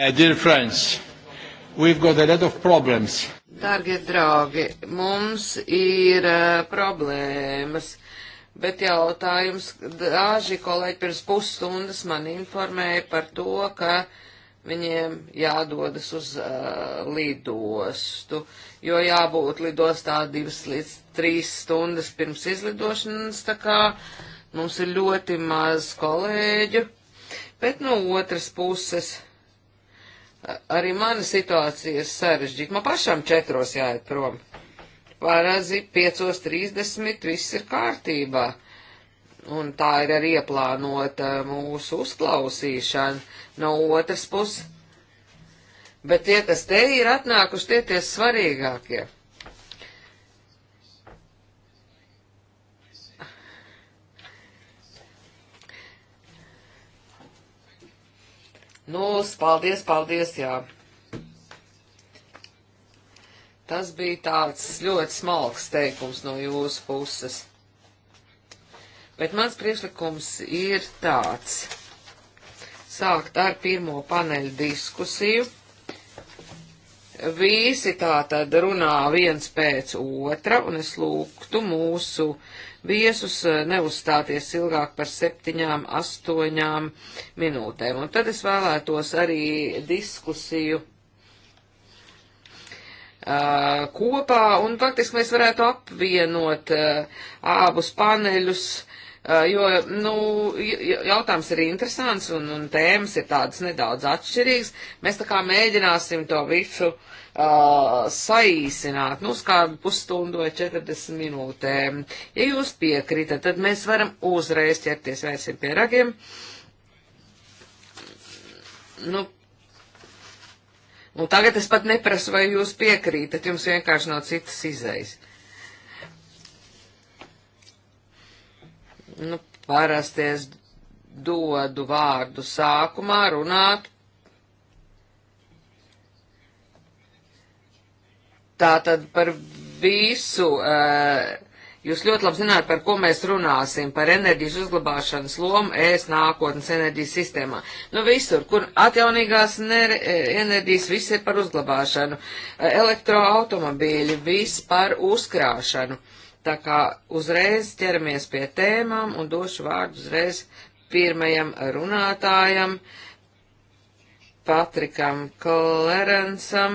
Uh, Dārgie draugi, mums ir uh, problēmas, bet jautājums, daži kolēģi pirms pusstundas man informēja par to, ka viņiem jādodas uz uh, lidostu, jo jābūt lidostā divas līdz trīs stundas pirms izlidošanas, tā kā mums ir ļoti maz kolēģu, bet no otras puses Arī mana situācija ir sarežģīta. Man pašam četros jāiet prom. Parāzi 5.30 viss ir kārtībā. Un tā ir arī ieplānota mūsu uzklausīšana no otras puses. Bet tie, kas te ir atnākuši, tie tie svarīgākie. Ja. Nu, paldies, paldies, jā. Tas bija tāds ļoti smalks teikums no jūsu puses. Bet mans priekšlikums ir tāds. Sākt ar pirmo paneļu diskusiju. Visi tā tad runā viens pēc otra, un es lūgtu mūsu uh, viesus eh, neuzstāties ilgāk par septiņām, astoņām minūtēm. Un tad es vēlētos arī diskusiju uh, kopā, un faktiski mēs varētu apvienot uh, abus paneļus, uh, jo, nu, jautājums ir interesants, un, un tēmas ir tādas nedaudz atšķirīgas. Mēs tā kā mēģināsim to visu uh, uh, saīsināt, nu, uz kādu pusstundu vai 40 minūtēm. Ja jūs piekrītat, tad mēs varam uzreiz ķerties vērsim pie ragiem. Nu, un nu, tagad es pat neprasu, vai jūs piekrītat, jums vienkārši nav citas izējas. Nu, parasti es dodu vārdu sākumā runāt Tātad par visu. Uh, Jūs ļoti labi zināt, par ko mēs runāsim, par enerģijas uzglabāšanas lomu ēst nākotnes enerģijas sistēmā. Nu visur, kur atjaunīgās eh, enerģijas, viss ir par uzglabāšanu, eh, elektroautomobīļi, viss par uzkrāšanu. Tā kā uzreiz ķeramies pie tēmām un došu vārdu uzreiz pirmajam runātājam. Uh, Patrikam Klerensam,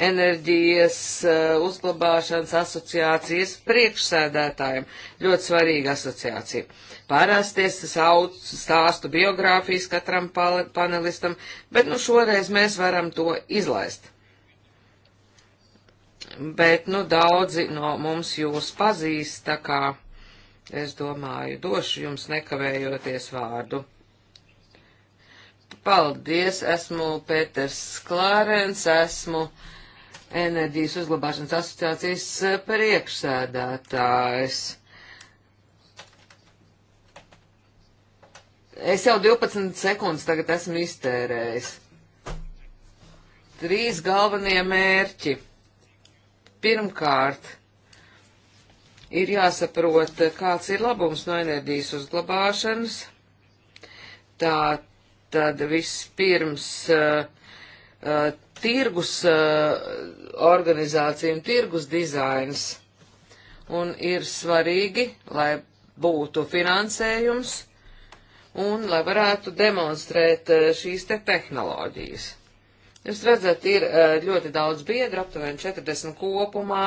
enerģijas eh, uzglabāšanas asociācijas priekšsēdētājiem. Ļoti svarīga asociācija. Parasties sauc stāstu biogrāfijas katram panelistam, bet nu šoreiz mēs varam to izlaist. Bet nu daudzi no mums jūs pazīst, tā kā es domāju, došu jums nekavējoties vārdu. Paldies, esmu Pēters Klārens, esmu Enerģijas uzglabāšanas asociācijas priekšsēdētājs. Es jau 12 sekundes tagad esmu iztērējis. Trīs galvenie mērķi. Pirmkārt, ir jāsaprot, kāds ir labums no enerģijas uzglabāšanas. Tā Tad vispirms uh, uh, tirgus uh, organizācija un tirgus dizains. Un ir svarīgi, lai būtu finansējums un lai varētu demonstrēt šīs te tehnoloģijas. Jūs redzat, ir ļoti daudz biedru, aptuveni 40 kopumā.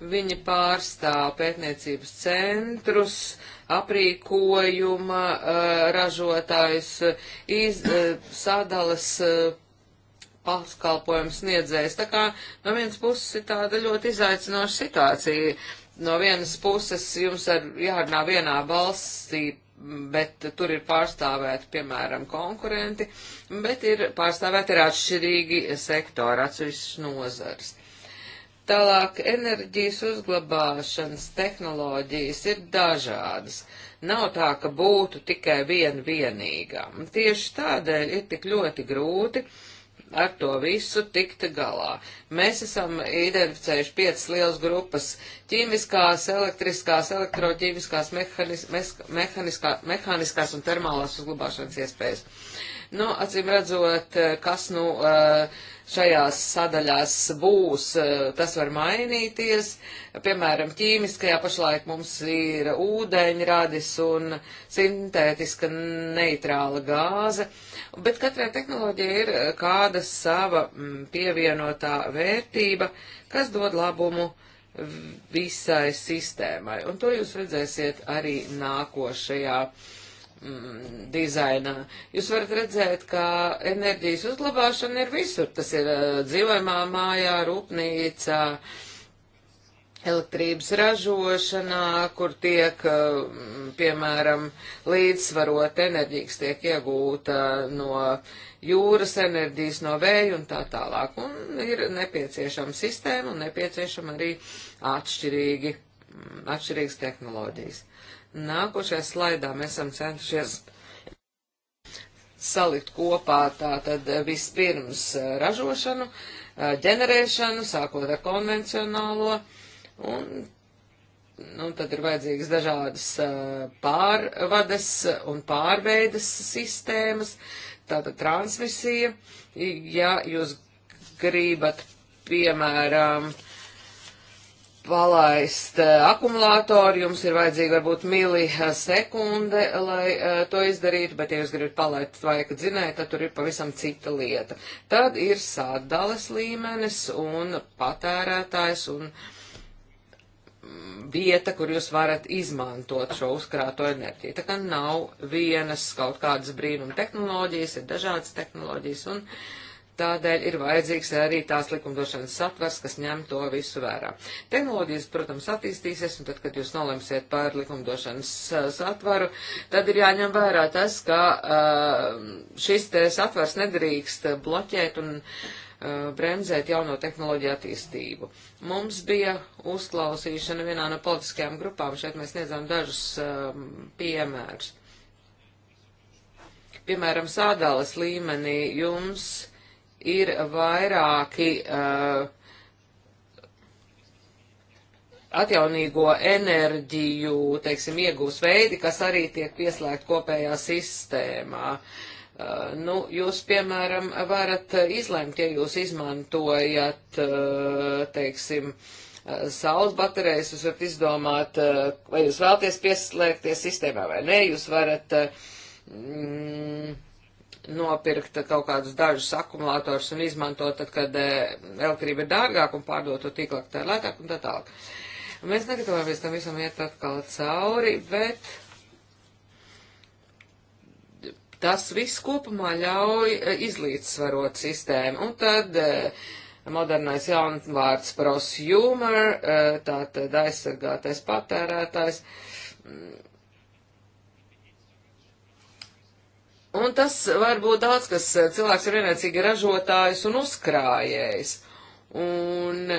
Viņi pārstāv pētniecības centrus, uh, aprīkojuma eh, ražotājs, iz, eh, sadalas eh, paskalpojumu sniedzējs. Tā kā no vienas puses ir tāda ļoti izaicinoša situācija. No vienas puses jums ir jārunā vienā valstī, bet tur ir pārstāvēti, piemēram, konkurenti, bet ir pārstāvēti ir atšķirīgi sektori, atsevišķas nozars. Uh, Tālāk enerģijas uzglabāšanas tehnoloģijas ir dažādas. Nav tā, ka būtu tikai viena vienīgā. Tieši tādēļ ir tik ļoti grūti ar to visu tikt galā. Mēs esam identificējuši piecas lielas grupas - ķīmiskās, elektriskās, elektroķīmiskās, mehaniskā, mehaniskās un termālās uzglabāšanas iespējas. Nu, acīm redzot, kas nu. Uh, šajās sadaļās būs, eh, tas var mainīties. Piemēram, ķīmiskajā pašlaik mums ir ūdeņradis un sintētiska neitrāla gāze, bet katrai tehnoloģijai ir eh, kāda sava mm, pievienotā vērtība, kas dod labumu visai sistēmai. Un to jūs redzēsiet arī nākošajā mm, dizainā. Jūs varat redzēt, ka enerģijas uzglabāšana ir visur. Tas ir uh, eh, dzīvojumā mājā, rūpnīcā, elektrības ražošanā, kur tiek, uh, piemēram, līdzsvarot enerģijas tiek iegūta no jūras enerģijas, no vēja un tā tālāk. Un ir nepieciešama sistēma un nepieciešama arī atšķirīgi, mm, atšķirīgas tehnoloģijas. Nākošajā slaidā mēs esam centušies salikt kopā tātad vispirms eh, ražošanu, eh, ģenerēšanu, sākot ar konvencionālo, un, un nu, tad ir vajadzīgas dažādas eh, pārvades un pārveides sistēmas, tātad transmisija, ja jūs gribat, piemēram, uh, palaist eh, akumulātoru, jums ir vajadzīga varbūt mili sekunde, lai eh, to izdarītu, bet ja jūs gribat palaist vajag dzinēju, tad tur ir pavisam cita lieta. Tad ir sādales līmenis un patērētājs un mm, vieta, kur jūs varat izmantot šo uzkrāto enerģiju. Tā kā nav vienas kaut kādas brīnuma tehnoloģijas, ir dažādas tehnoloģijas un. Uh, Tādēļ ir vajadzīgs arī tās likumdošanas satvers, kas ņem to visu vērā. Tehnoloģijas, protams, attīstīsies, un tad, kad jūs nolemsiet pār likumdošanas eh, satvaru, tad ir jāņem vērā tas, ka eh, šis te satvers nedrīkst bloķēt un eh, bremzēt jauno tehnoloģiju attīstību. Mums bija uzklausīšana vienā no politiskajām grupām, šeit mēs sniedzām dažus piemērus. Piemēram, sādāles līmenī jums ir vairāki uh, atjaunīgo enerģiju, teiksim, iegūs veidi, kas arī tiek pieslēgt kopējā sistēmā. Uh, nu, jūs, piemēram, varat izlemt, ja jūs izmantojat, uh, teiksim, saules baterijas, jūs varat izdomāt, uh, vai jūs vēlaties pieslēgties sistēmā vai nē, jūs varat mm, nopirkt kaut kādus dažus akumulātors un izmantot, tad, kad eh, elektrība ir dārgāka un pārdot to tīklāk, tā ir lētāk un tā tālāk. Mēs negatavojamies tam visam iet atkal cauri, bet tas viss kopumā ļauj eh, izlīdzsvarot sistēmu. Un tad eh, modernais jaunvārds prosumer, tātad aizsargātais patērētājs Un tas var būt daudz, kas eh, cilvēks ir vienlaicīgi ražotājs un uzkrājējs. Un,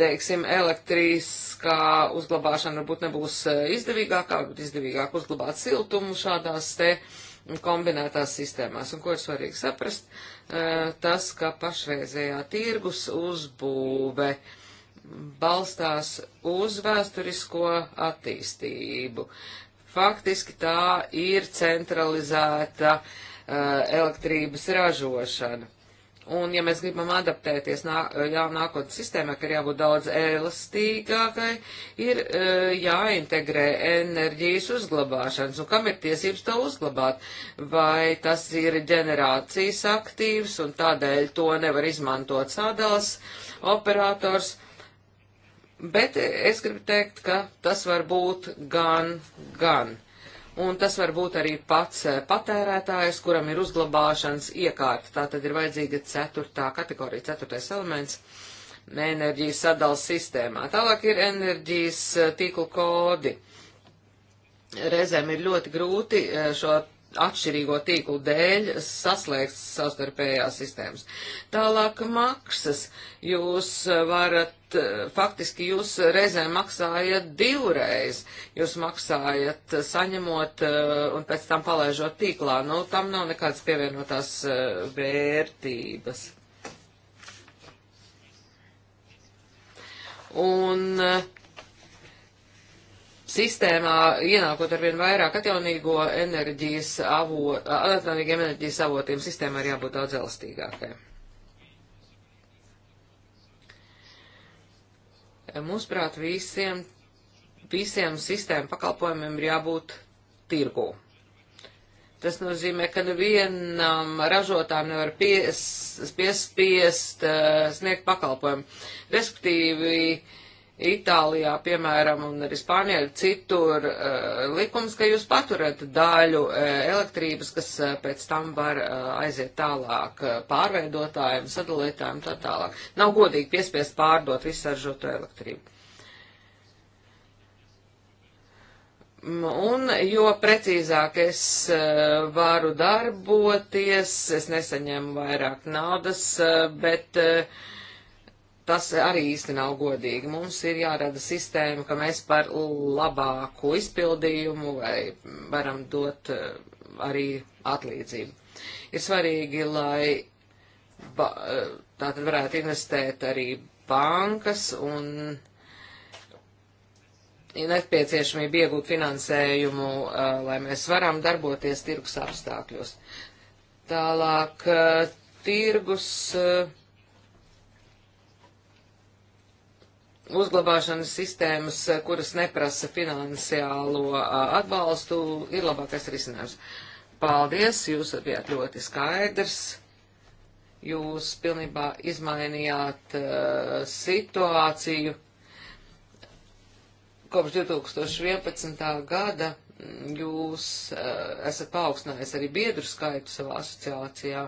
teiksim, elektriskā uzglabāšana varbūt nebūs eh, izdevīgākā, varbūt izdevīgāk uzglabāt siltumu šādās te kombinētās sistēmās. Un ko ir svarīgi saprast, eh, tas, ka pašreizējā tirgus uzbūve balstās uz vēsturisko attīstību. Faktiski tā ir centralizēta uh, elektrības ražošana. Un, ja mēs gribam adaptēties nā, jā, nākotnes sistēmai, ka ir jābūt daudz elastīgākai, ir uh, jāintegrē enerģijas uzglabāšanas. Un kam ir tiesības to uzglabāt? Vai tas ir ģenerācijas aktīvs un tādēļ to nevar izmantot sādals operators? Uh, Bet es gribu teikt, ka tas var būt gan, gan. Un tas var būt arī pats eh, patērētājs, kuram ir uzglabāšanas iekārta. Tā tad ir vajadzīga ceturtā kategorija, ceturtais elements enerģijas sadalas sistēmā. Tālāk ir enerģijas eh, tīklu kodi. Reizēm ir ļoti grūti eh, šo atšķirīgo tīklu dēļ saslēgts savstarpējās sistēmas. Tālāk maksas. Jūs eh, varat, eh, faktiski jūs reizē maksājat divreiz. Jūs maksājat eh, saņemot un pēc tam palaižot tīklā. Nu, tam nav nekādas pievienotās vērtības. Un uh, sistēmā ienākot ar vien vairāk atjaunīgo enerģijas avot, atjaunīgiem enerģijas avotiem, sistēma ir jābūt daudz elastīgākai. Mūsuprāt, visiem, visiem sistēmu pakalpojumiem ir jābūt tirgū. Tas nozīmē, ka nevienam ražotājam nevar pies, piespiest uh, eh, sniegt pakalpojumu. Respektīvi, uh, Itālijā, piemēram, un arī Spānijā ir citur uh, likums, ka jūs paturat daļu uh, elektrības, kas uh, pēc tam var aiziet tālāk pārveidotājiem, sadalītājiem, tā tālāk. Nav godīgi piespiest pārdot visu saržoto elektrību. Un jo precīzāk es varu darboties, es nesaņemu vairāk naudas, bet uh, Tas arī īsti nav godīgi. Mums ir jārada sistēma, ka mēs par labāku izpildījumu vai varam dot eh, arī atlīdzību. Ir svarīgi, lai ba, eh, tātad varētu investēt arī bankas un ir nepieciešamība iegūt finansējumu, eh, lai mēs varam darboties tirgus apstākļos. Tālāk, tirgus. Uh, uzglabāšanas sistēmas, eh, kuras neprasa finansiālo eh, atbalstu, ir labākais risinājums. Paldies, jūs bijāt ļoti skaidrs. Jūs pilnībā izmainījāt uh, situāciju kopš 2011. gada mm, jūs uh, esat paaugstinājis arī biedru skaitu savā asociācijā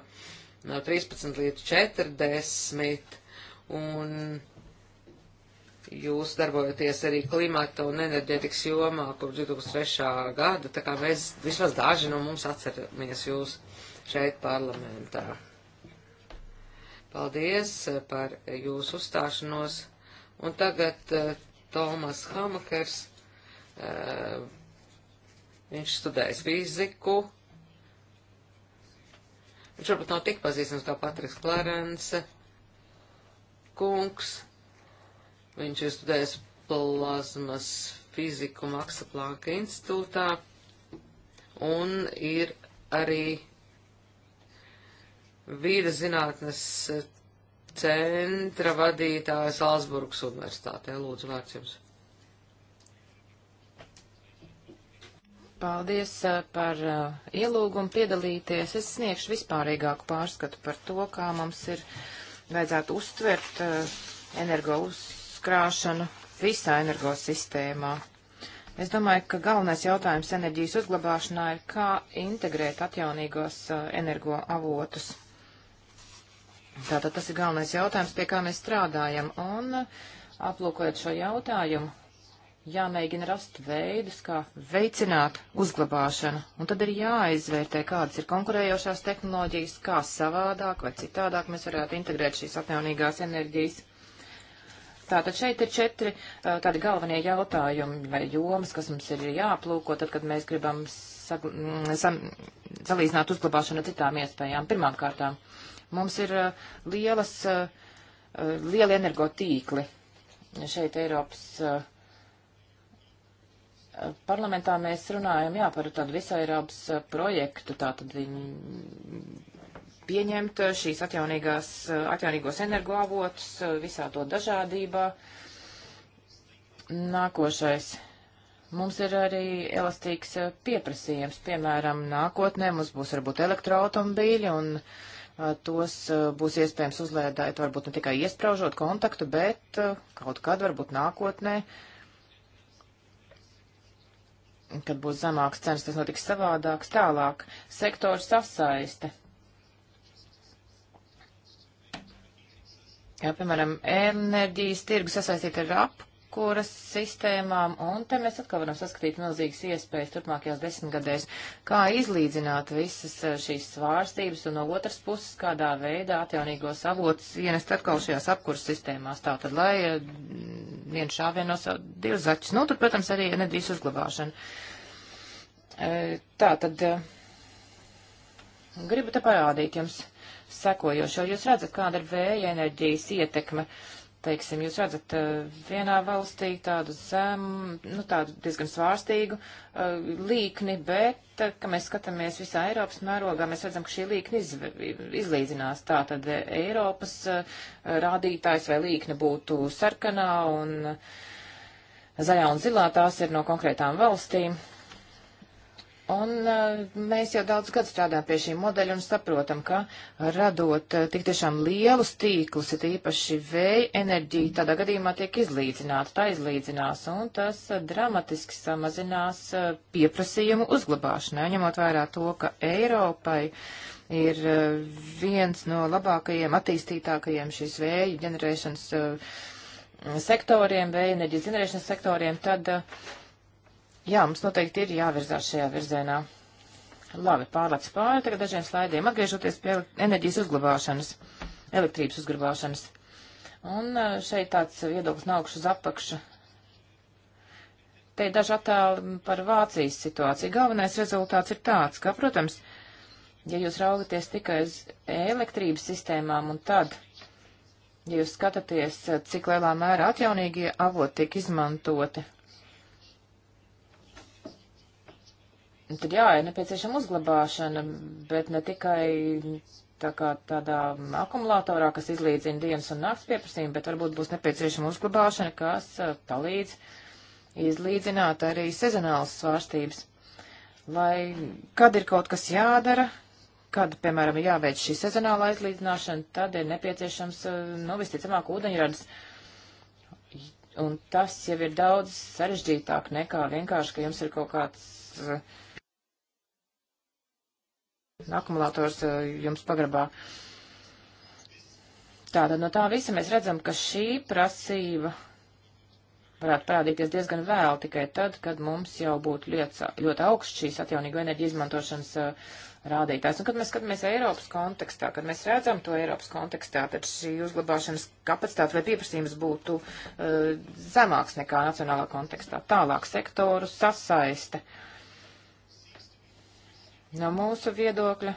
no 13 līdz 40, un jūs darbojaties arī klimata un enerģetikas jomā kopš 2003. gada, tā kā mēs vismaz daži no mums atceramies jūs šeit parlamentā. Paldies eh, par jūsu uzstāšanos. Un tagad uh, Tomas Hamakers, uh, eh, viņš studējas fiziku. Viņš varbūt nav tik pazīstams kā Patriks Klarence kungs Viņš ir studējis plazmas fiziku Maksa Plānka institūtā un ir arī vīda zinātnes centra vadītājs Alsburgas universitātē. Lūdzu, vārds jums. Paldies eh, par uh, ielūgumu piedalīties. Es sniegšu vispārīgāku pārskatu par to, kā mums ir vajadzētu uztvert uh, energo uz uzkrāšanu visā energosistēmā. Es domāju, ka galvenais jautājums enerģijas uzglabāšanā ir, kā integrēt atjaunīgos uh, energoavotus. Tātad tas ir galvenais jautājums, pie kā mēs strādājam. Un uh, aplūkojot šo jautājumu, jāmēģina rast veidus, kā veicināt uzglabāšanu. Un tad ir jāizvērtē, kādas ir konkurējošās tehnoloģijas, kā savādāk vai citādāk mēs varētu integrēt šīs atjaunīgās enerģijas. Tātad šeit ir četri tādi galvenie jautājumi vai jomas, kas mums ir jāplūko, tad, kad mēs gribam mm, sam, salīdzināt uzglabāšanu ar citām iespējām. Pirmām kārtām mums ir lielas, lieli energotīkli. Šeit Eiropas parlamentā mēs runājam, jā, par tādu visu Eiropas projektu, tātad pieņemt šīs atjaunīgās, atjaunīgos energoavotus visā to dažādībā. Nākošais. Mums ir arī elastīgs eh, pieprasījums. Piemēram, nākotnē mums būs varbūt elektroautomobīļi un eh, tos eh, būs iespējams uzlēdēt varbūt ne tikai iespraužot kontaktu, bet kaut kad varbūt nākotnē kad būs zemāks cenas, tas notiks savādāks, tālāk. Sektora sasaiste. jā, piemēram, enerģijas tirgu sasaistīt ar apkuras sistēmām, un te mēs atkal varam saskatīt milzīgas iespējas turpmākajās desmitgadēs, kā izlīdzināt visas eh, šīs svārstības, un no otras puses, kādā veidā atjaunīgos avotus ienest atkal šajās apkuras sistēmās, tātad, lai viens eh, šāvien no savu divus zaķus, nu, tur, protams, arī enerģijas uzglabāšana. Eh, Tā tad. Uh, Gribu te parādīt jums sekojošo. Jūs redzat, kāda ir vēja enerģijas ietekme. Teiksim, jūs redzat eh, vienā valstī tādu zem, nu tādu diezgan svārstīgu eh, līkni, bet, eh, ka mēs skatāmies visā Eiropas mērogā, mēs redzam, ka šī līkni iz, izlīdzinās. Tātad Eiropas rādītājs vai līkne būtu sarkanā un zaļā un zilā, tās ir no konkrētām valstīm. Un e, mēs jau daudz gadu strādājam pie šī modeļa un saprotam, ka radot e, tik tiešām lielus tīklus, ir īpaši vēja enerģija, tādā gadījumā tiek izlīdzināta, tā izlīdzinās, un tas e, dramatiski samazinās pieprasījumu uzglabāšanai, ņemot vērā to, ka Eiropai ir viens no labākajiem, attīstītākajiem šīs vēja ģenerēšanas sektoriem, vēja enerģijas ģenerēšanas sektoriem, tad uh, Jā, mums noteikti ir jāvirzās šajā virzienā. Labi, pārlec pāri tagad dažiem slaidiem, atgriežoties pie enerģijas uzglabāšanas, elektrības uzglabāšanas. Un šeit tāds viedoklis nākuši uz apakšu. Te ir daži attēli par Vācijas situāciju. Galvenais rezultāts ir tāds, ka, protams, ja jūs raugaties tikai uz elektrības sistēmām un tad, ja jūs skatāties, cik lielā mērā atjaunīgie avoti tiek izmantoti Nu, tad jā, ir nepieciešama uzglabāšana, bet ne tikai tā kā tādā akumulatorā, kas izlīdzina dienas un nakts pieprasījumu, bet varbūt būs nepieciešama uzglabāšana, kas uh, palīdz izlīdzināt arī sezonālas svārstības. Lai, kad ir kaut kas jādara, kad, piemēram, ir jāveic šī sezonāla aizlīdzināšana, tad ir nepieciešams, uh, nu, visticamāk, ūdeņradas. Un tas jau ir daudz sarežģītāk nekā vienkārši, ka jums ir kaut kāds uh, akumulators eh, jums pagrabā. Tātad no tā visa mēs redzam, ka šī prasība varētu parādīties diezgan vēl tikai tad, kad mums jau būtu lietas, ļoti augsts šīs atjaunīgo enerģiju izmantošanas eh, rādītājs. Un kad mēs skatāmies Eiropas kontekstā, kad mēs redzam to Eiropas kontekstā, tad šī uzglabāšanas kapacitāte vai pieprasījums būtu uh, zemāks nekā nacionālā kontekstā. Tālāk sektoru sasaiste. Uh, No mūsu viedokļa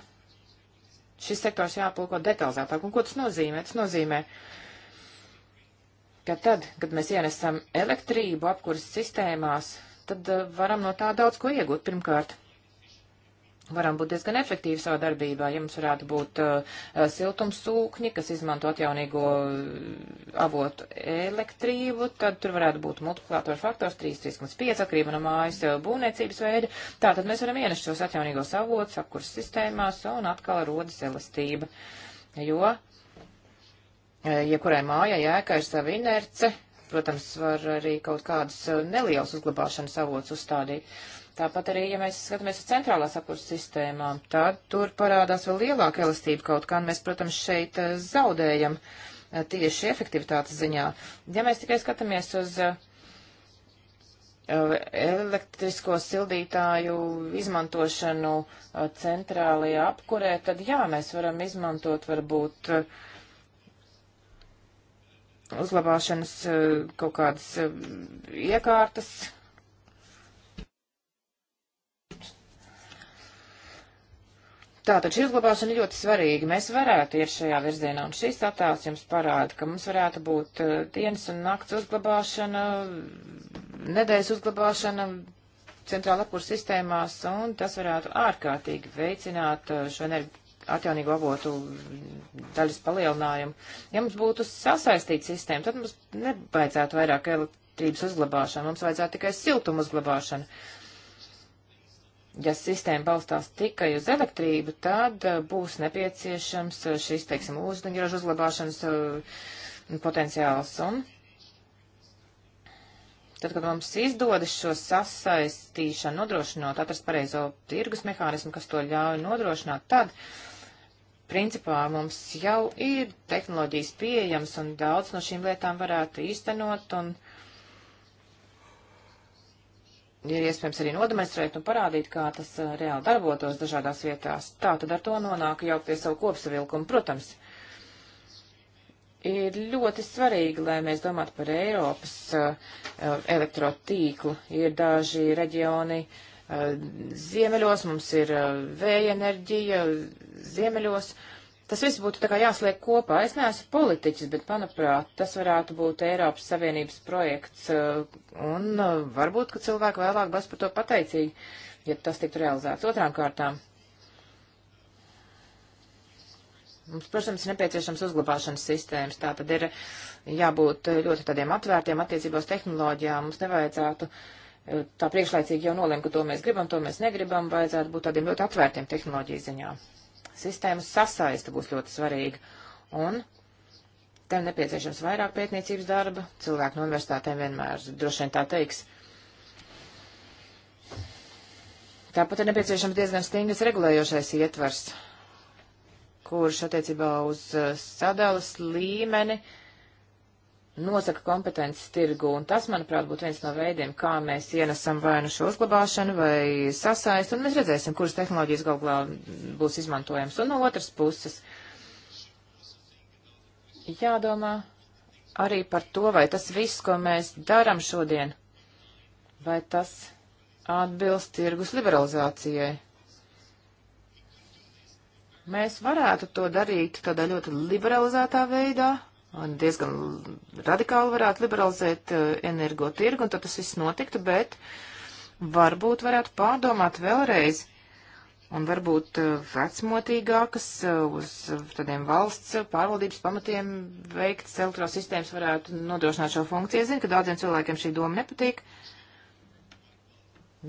šis sektors jāpulko detalizētāk. Un ko tas nozīmē? Tas nozīmē, ka tad, kad mēs ienesam elektrību apkuras sistēmās, tad eh, varam no tā daudz ko iegūt. Pirmkārt, varam būt diezgan efektīvi savā darbībā. Ja mums varētu būt uh, uh siltumsūkņi, kas izmanto atjaunīgo uh, avotu elektrību, tad tur varētu būt multiplikātoru faktors 3,5 atkarība no mājas uh, būvniecības veida. Tātad mēs varam ienest šos atjaunīgos avotus apkurs sistēmās un atkal rodas elastība. Jo, jebkurai ja mājai ēkā ir sava inerce, protams, var arī kaut kādas nelielas uzglabāšanas avots uzstādīt. Uh, Tāpat arī, ja mēs skatāmies uz centrālās apkurses sistēmām, tad tur parādās vēl lielāka elastība kaut kā, un mēs, protams, šeit eh, zaudējam eh, tieši efektivitātes ziņā. Ja mēs tikai skatāmies uz eh, elektrisko sildītāju izmantošanu centrālajā apkurē, tad jā, mēs varam izmantot varbūt uzlabāšanas kaut kādas iekārtas, Tātad šī uzglabāšana ir ļoti svarīga. Mēs varētu iet šajā virzienā, un šīs attēls jums parāda, ka mums varētu būt eh, dienas un nakts uzglabāšana, nedēļas uzglabāšana centrāla apkurs sistēmās, un tas varētu ārkārtīgi veicināt eh, šo atjaunīgo avotu daļas palielinājumu. Ja mums būtu sasaistīta sistēma, tad mums nebaidzētu vairāk elektrības uzglabāšanu, mums vajadzētu tikai siltumu uzglabāšanu ja sistēma balstās tikai uz elektrību, tad eh, būs nepieciešams eh, šis, teiksim, ūdeņraža uzglabāšanas uh, potenciāls. Un tad, kad mums izdodas šo sasaistīšanu nodrošinot, atrast pareizo tirgus mehānismu, kas to ļauj nodrošināt, tad, principā, mums jau ir tehnoloģijas pieejams un daudz no šīm lietām varētu īstenot un ir iespējams arī nodemonstrēt un parādīt, kā tas eh, reāli darbotos dažādās vietās. Tā tad ar to nonāk jau pie savu kopsavilkumu, protams. Ir ļoti svarīgi, lai mēs domātu par Eiropas uh, elektrotīklu. Ir daži reģioni uh, ziemeļos, mums ir uh, vēja enerģija ziemeļos. Uh, Tas viss būtu tā kā jāsliek kopā. Es neesmu politiķis, bet, manuprāt, tas varētu būt Eiropas Savienības projekts, eh, un eh, varbūt, ka cilvēki vēlāk būs par to pateicīgi, ja tas tiktu realizēts. Otrām kārtām. Mums, protams, ir nepieciešams uzglabāšanas sistēmas, tā tad ir jābūt eh, ļoti tādiem atvērtiem attiecībos tehnoloģijām. Mums nevajadzētu tā priekšlaicīgi jau nolēmt, ka to mēs gribam, to mēs negribam, vajadzētu būt tādiem ļoti atvērtiem tehnoloģiju ziņām sistēmas sasaista būs ļoti svarīga. Un tam nepieciešams vairāk pētniecības darba. Cilvēki no universitātēm vienmēr droši vien tā teiks. Tāpat ir nepieciešams diezgan stingrs regulējošais ietvars, kurš attiecībā uz eh, sadalas līmeni uh, nosaka kompetences tirgu, un tas, manuprāt, būtu viens no veidiem, kā mēs ienesam vai nu šo uzglabāšanu, vai sasaist, un mēs redzēsim, kuras tehnoloģijas galvā būs izmantojams. Un no otras puses jādomā arī par to, vai tas viss, ko mēs darām šodien, vai tas atbilst tirgus liberalizācijai. Mēs varētu to darīt tādā ļoti liberalizētā veidā, diezgan radikāli varētu liberalizēt eh, energo tirgu, un tad tas viss notiktu, bet varbūt varētu pārdomāt vēlreiz un varbūt eh, vecmotīgākas eh, uz tādiem valsts pārvaldības pamatiem veikts elektrosistēmas varētu nodrošināt šo funkciju. Es zinu, ka daudziem cilvēkiem šī doma nepatīk,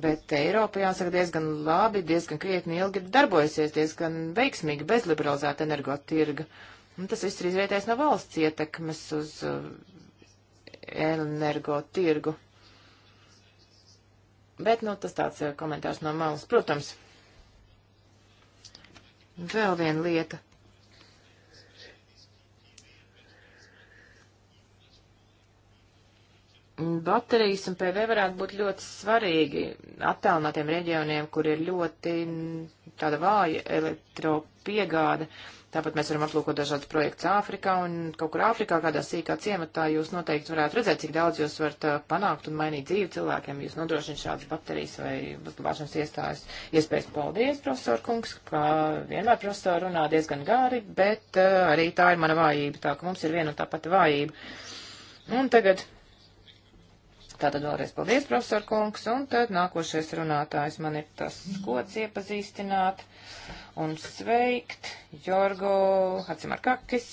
bet Eiropa, jāsaka, diezgan labi, diezgan krietni ilgi ir darbojusies, diezgan veiksmīgi bez liberalizēta energotirga. tirga. Un tas viss ir izrietējis no valsts ietekmes uz eh, energo tirgu. Bet, nu, tas tāds eh, komentārs no malas, protams. Vēl viena lieta. Baterijas un PV varētu būt ļoti svarīgi attālinātiem reģioniem, kur ir ļoti tāda vāja elektropiegāde. Tāpat mēs varam aplūkot dažādas projekts Āfrikā un kaut kur Āfrikā, kādā sīkā ciematā, jūs noteikti varētu redzēt, cik daudz jūs varat uh, panākt un mainīt dzīvi cilvēkiem. Jūs nodrošināt šādas baterijas vai uzglabāšanas iestājas iespējas. Paldies, profesor Kungs, kā vienmēr profesori runā diezgan gāri, bet uh, arī tā ir mana vājība, tā ka mums ir viena un tā pati vājība. Un tagad Tātad vēlreiz paldies, profesor Kungs, un tad nākošais runātājs man ir tas gods iepazīstināt un sveikt Jorgo Hacimarkakis,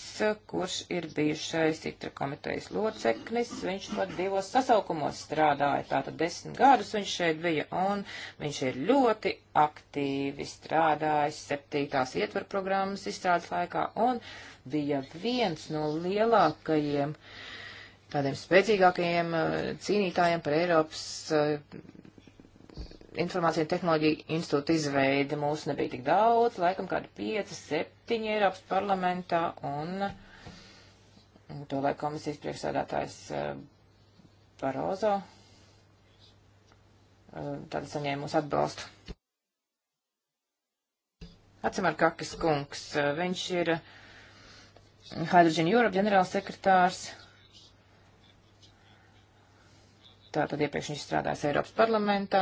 kurš ir bijušais itra komitejas loceknis. Viņš pat divos sasaukumos strādāja, tātad desmit gadus viņš šeit bija, un viņš ir ļoti aktīvi strādājis septītās ietvaru programmas izstrādes laikā, un bija viens no lielākajiem uh, tādiem spēcīgākajiem uh, cīnītājiem par Eiropas uh, informācija tehnoloģija institūta izveidi. Mūsu nebija tik daudz, laikam kādi 5, 7 Eiropas parlamentā, un to laiku komisijas priekšsēdētājs uh, Barozo tad saņēma mūsu atbalstu. Atsimar Kakis kungs, viņš ir Hydrogen Europe ģenerālsekretārs. sekretārs tātad iepriekš viņš strādājis Eiropas parlamentā,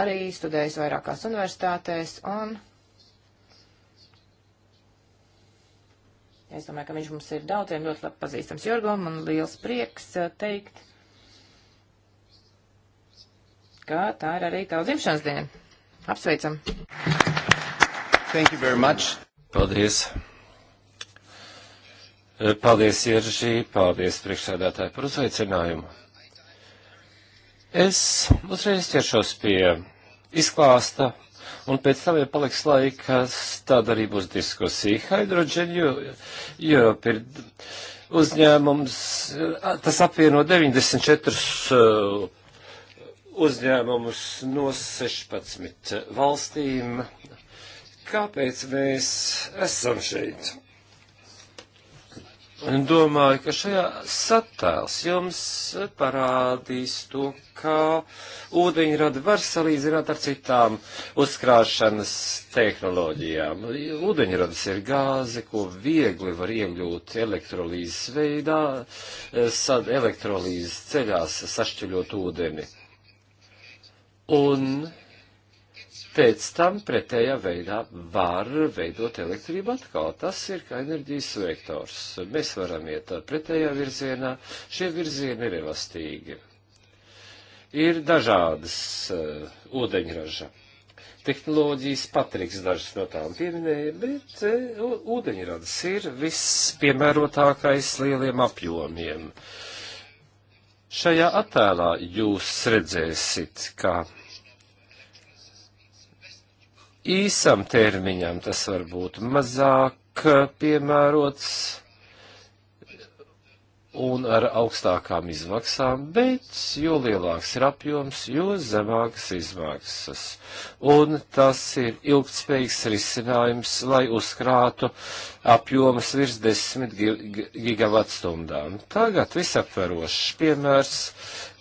arī studējis vairākās universitātēs, un es domāju, ka viņš mums ir daudziem ļoti labi pazīstams. Jorgam, man liels prieks teikt, ka tā ir arī tava dzimšanas diena. Apsveicam! Thank you very much. Paldies. Paldies, Ieržī, paldies priekšsēdētāji par uzveicinājumu. Es uzreiz ķeršos pie izklāsta, un pēc tam, ja paliks laikas, tad arī būs diskusija. Hydrogen Europe ir uzņēmums, tas apvieno 94 uh, uzņēmumus no 16 valstīm. Kāpēc mēs esam šeit? Domāju, ka šajā satēls jums parādīs to, kā ūdeņradi var salīdzināt ar citām uzkrāšanas tehnoloģijām. Ūdeņradis ir gāze, ko viegli var iegļūt elektrolīzes veidā, sad elektrolīzes ceļās sašķeļot ūdeni. Un pēc tam pretējā veidā var veidot elektrību atkal. Tas ir kā enerģijas vektors. Mēs varam iet pretējā virzienā. Šie virzieni ir elastīgi. Ir dažādas uh, ūdeņraža tehnoloģijas, Patriks dažas no tām pieminēja, bet uh, ūdeņradas ir vispiemērotākais lieliem apjomiem. Šajā attēlā jūs redzēsit, ka īsam termiņam tas var būt mazāk eh, piemērots un ar augstākām izmaksām, bet jo lielāks ir apjoms, jo zemākas izmaksas. Un tas ir ilgtspējīgs risinājums, lai uzkrātu apjomas virs 10 gigavatstundām. Tagad visaptverošs piemērs,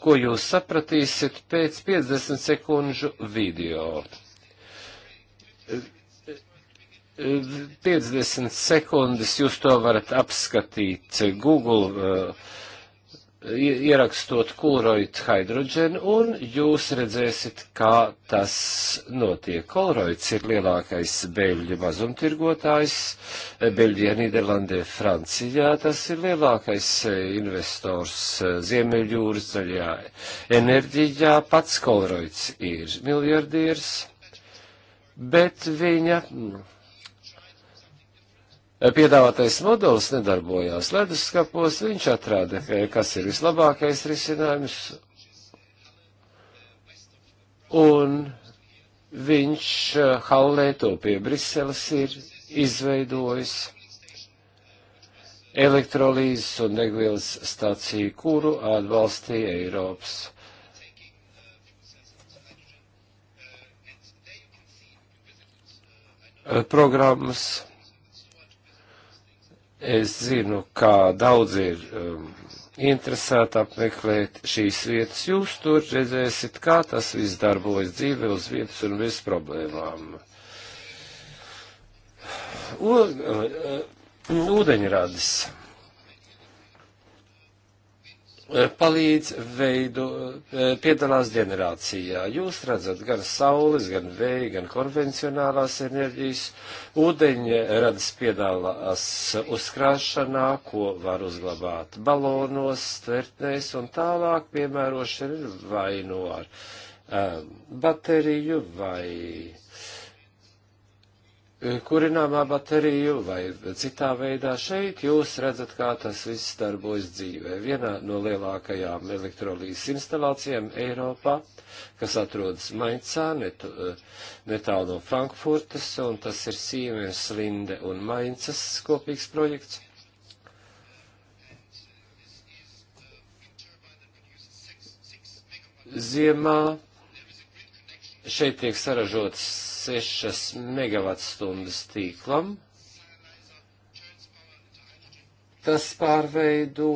ko jūs sapratīsiet pēc 50 sekundžu video. 50 sekundes jūs to varat apskatīt Google, eh, ierakstot Colroid hidrogen, un jūs redzēsit, kā tas notiek. Colroids ir lielākais beļģu mazumtirgotājs, eh, Beļģijā, Nīderlandē, Francijā. Tas ir lielākais eh, investors Ziemeļjūras zaļajā enerģijā. Pats Colroids ir miljardieris, bet viņa. Nu, piedāvātais modelis nedarbojās leduskapos, viņš atrāda, kas ir vislabākais risinājums, un viņš eh, Hallē to pie Briseles ir izveidojis elektrolīzes un degvielas stāciju, kuru atbalstīja Eiropas. programmas Es zinu, kā daudz ir um, interesēti apmeklēt šīs vietas. Jūs tur redzēsiet, kā tas viss darbojas dzīve uz vietas un bez problēmām. U, uh, uh ūdeņradis. Uh, Eh, palīdz veidu, eh, piedalās ģenerācijā. Jūs redzat gan saules, gan vēja, gan konvencionālās enerģijas, ūdeņa radas piedalās uzkrāšanā, ko var uzglabāt balonos, tvertnēs un tālāk piemērošana ir vai no nu ar um, bateriju vai kurināmā bateriju vai citā veidā. Šeit jūs redzat, kā tas viss darbojas dzīvē. Vienā no lielākajām elektrolīzes instalācijām Eiropā, kas atrodas Maincā, net, eh, netālu no Frankfurtes, un tas ir Siemens, Linde un Maincas kopīgs projekts. Ziemā šeit tiek saražotas 6 megawatstundas tīklam. Tas pārveido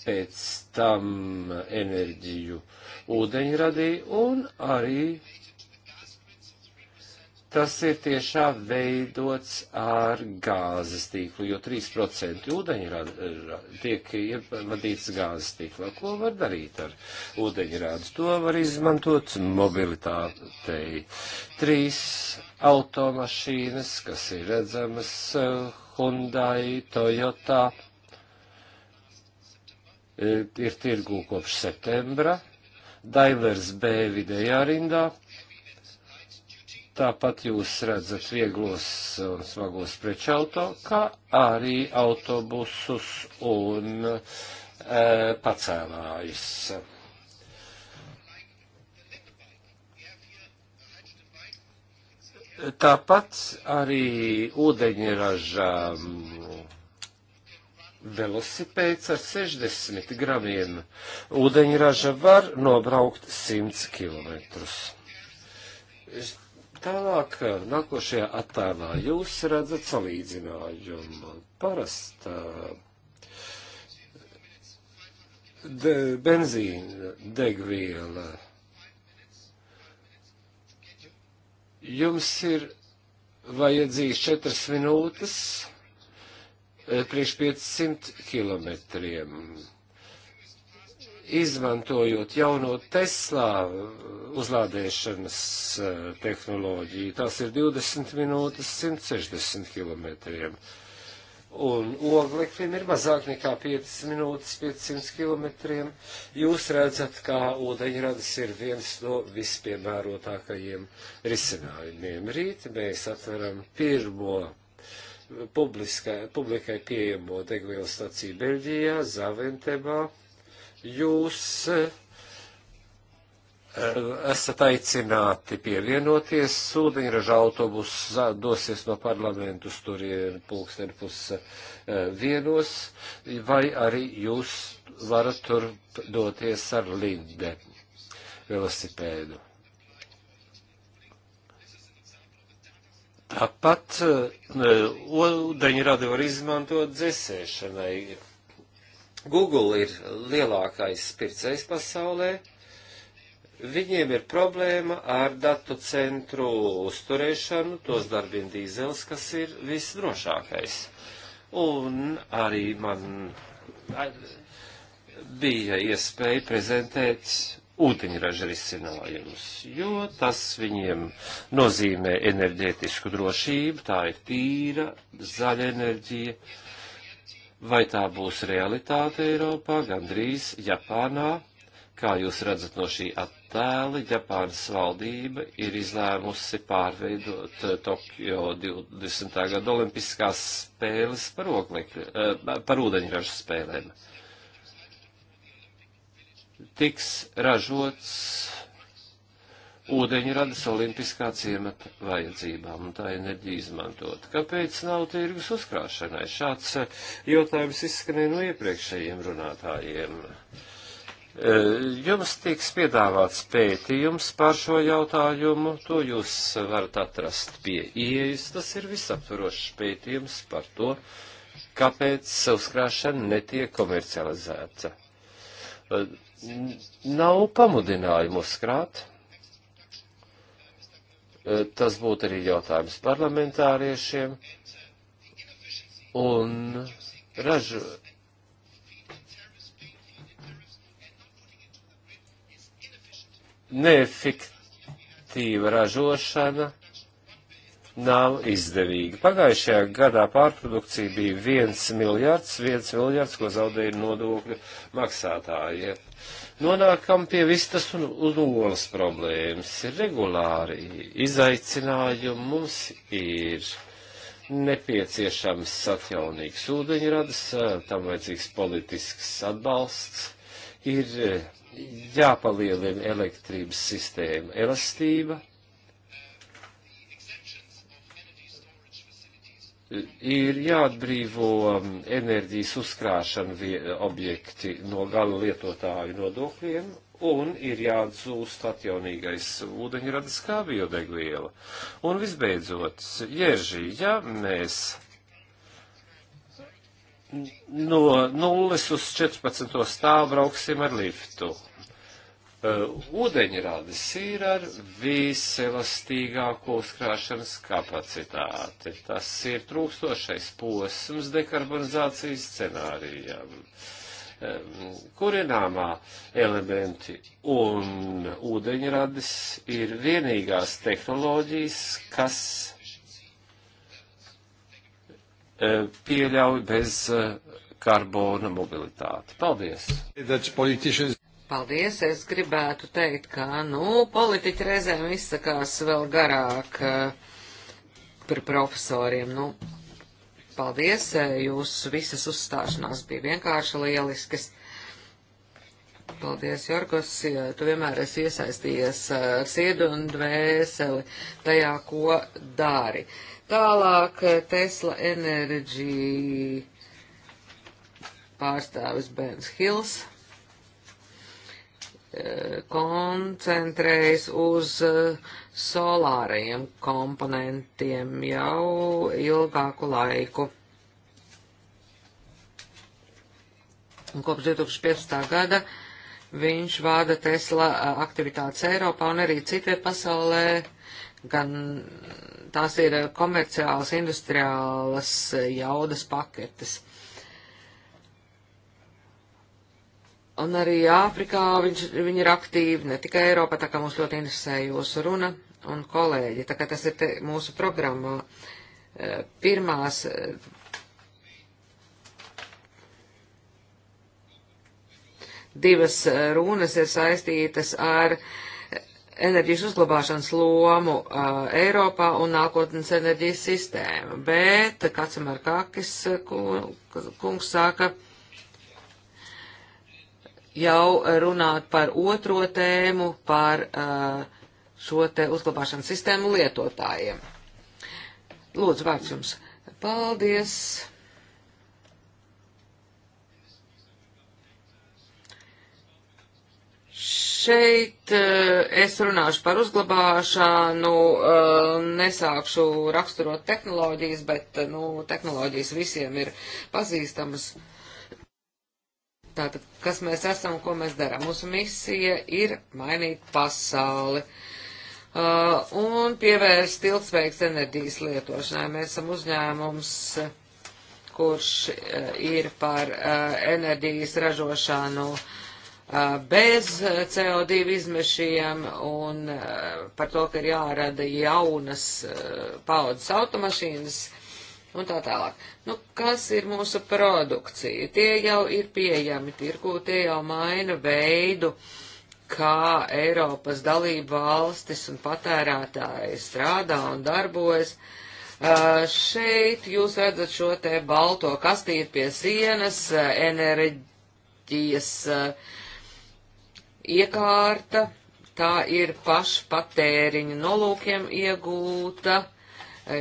pēc tam enerģiju ūdeņradī un arī tas ir tiešā veidots ar gāzes tīklu, jo 3% ūdeņrāda tiek vadīts gāzes tīklā. Ko var darīt ar ūdeņrādu? To var izmantot mobilitātei. Trīs automašīnas, kas ir redzamas eh, Hyundai, Toyota, eh, ir tirgū kopš septembra. Daimlers B vidējā rindā Tāpat jūs redzat vieglos un smagos prečauto, kā arī autobusus un e, pacēlājus. Tāpat arī ūdeņraža velosipēds ar 60 gramiem ūdeņraža var nobraukt 100 kilometrus Tālāk, nākošajā attēlā jūs redzat salīdzinājumu. Parasta de, benzīna degviela. Jums ir vajadzīgs 4 minūtes eh, priekš 500 kilometriem izmantojot jauno Tesla uh, uzlādēšanas uh, tehnoloģiju. Tās ir 20 minūtes 160 km. Un ogleklim ir mazāk nekā 5 minūtes 500 km. Jūs redzat, kā ūdeņradas ir viens no vispiemērotākajiem risinājumiem. Rīt mēs atveram pirmo publiskai, publikai pieejamo degvielas staciju Beļģijā, Zaventebā Jūs eh, esat aicināti pievienoties. Sūdiņraža autobuss dosies no parlamentu uz turieni pulksteni pus eh, vienos, vai arī jūs varat tur doties ar linde velosipēdu. Tāpat ūdeņradi eh, var izmantot dzēsēšanai, Google ir lielākais pircējs pasaulē. Viņiem ir problēma ar datu centru uzturēšanu, tos darbina dīzels, kas ir visdrošākais. Un arī man bija iespēja prezentēt ūdeņraža risinājumus, jo tas viņiem nozīmē enerģētisku drošību, tā ir tīra, zaļa enerģija, Vai tā būs realitāte Eiropā, gandrīz Japānā? Kā jūs redzat no šī attēla, Japānas valdība ir izlēmusi pārveidot Tokio 20. gada olimpiskās spēles par, oglekļu, eh, par ūdeņražu spēlēm. Tiks ražots ūdeņi radas olimpiskā ciemata vajadzībām un tā enerģija izmantot. Kāpēc nav tirgus uzkrāšanai? Šāds eh, jautājums izskanēja no iepriekšējiem runātājiem. Eh, jums tiks piedāvāts pētījums par šo jautājumu, to jūs varat atrast pie ieejas. Tas ir visaptvarošs pētījums par to, kāpēc uzkrāšana netiek komercializēta. Eh, nav pamudinājumu uzkrāt, Eh, tas būtu arī jautājums parlamentāriešiem. Un ražu. Neefektīva ražošana nav izdevīga. Pagājušajā gadā pārprodukcija bija 1 miljards, 1 miljards, ko zaudēja nodokļu maksātāji. Ja nonākam pie vistas un olas problēmas. Ir regulāri izaicinājumi mums ir nepieciešams atjaunīgs ūdeņradas, tam vajadzīgs politisks atbalsts, ir jāpalielina elektrības sistēma elastība ir jāatbrīvo um, enerģijas uzkrāšana objekti no gala lietotāju nodokļiem un ir jāatzūst atjaunīgais ūdeņradis kā biodegviela. Un visbeidzot, Jeržī, ja mēs no nulles uz 14. stāvu brauksim ar liftu, Uh, ūdeņradis ir ar viselastīgāko uzkrāšanas kapacitāti. Tas ir trūkstošais posms dekarbonizācijas scenārijam. Um, kurināmā elementi un ūdeņradis ir vienīgās tehnoloģijas, kas uh, pieļauj bez uh, karbona mobilitāti. Paldies! Paldies, es gribētu teikt, ka, nu, politiķi reizēm izsakās vēl garāk eh, par profesoriem. Nu, paldies, eh, jūsu visas uzstāšanās bija vienkārši lieliskas. Paldies, Jorgos, tu vienmēr esi iesaistījies eh, ar siedu un dvēseli tajā, ko dari. Tālāk Tesla Energy pārstāvis Bens Hills koncentrējas uz eh, solārajiem komponentiem jau ilgāku laiku. Un kopš 2015. gada viņš vāda Tesla eh, aktivitātes Eiropā un arī citvie pasaulē, gan tās ir komerciālas, industriālas eh, jaudas paketes. Un arī Āfrikā viņš, viņi ir aktīvi, ne tikai Eiropā, tā kā mūs ļoti interesē jūsu runa un kolēģi. Tā kā tas ir te, mūsu programmā. Eh, pirmās eh, divas eh, runas ir saistītas ar enerģijas uzglabāšanas lomu uh, Eiropā un nākotnes enerģijas sistēmu, bet Kacemarkakis kungs sāka, jau runāt par otro tēmu, par uh, šo te uzglabāšanas sistēmu lietotājiem. Lūdzu, vārds jums. Paldies! Šeit uh, es runāšu par uzglabāšanu, uh, nesākšu raksturot tehnoloģijas, bet nu, tehnoloģijas visiem ir pazīstamas. Tātad, kas mēs esam un ko mēs darām. Mūsu misija ir mainīt pasauli uh, un pievērst ilgspējīgas enerģijas lietošanai. Mēs esam uzņēmums, kurš uh, ir par uh, enerģijas ražošanu uh, bez CO2 izmešiem un uh, par to, ka ir jārada jaunas uh, paudzes automašīnas. Uh, un tā tālāk. Nu, kas ir mūsu produkcija? Tie jau ir pieejami tirgū, tie jau maina veidu, kā Eiropas dalība valstis un patērētāji strādā un darbojas. Uh, šeit jūs redzat šo te balto kastīti pie sienas, enerģijas uh, iekārta, tā ir pašpatēriņa nolūkiem iegūta E,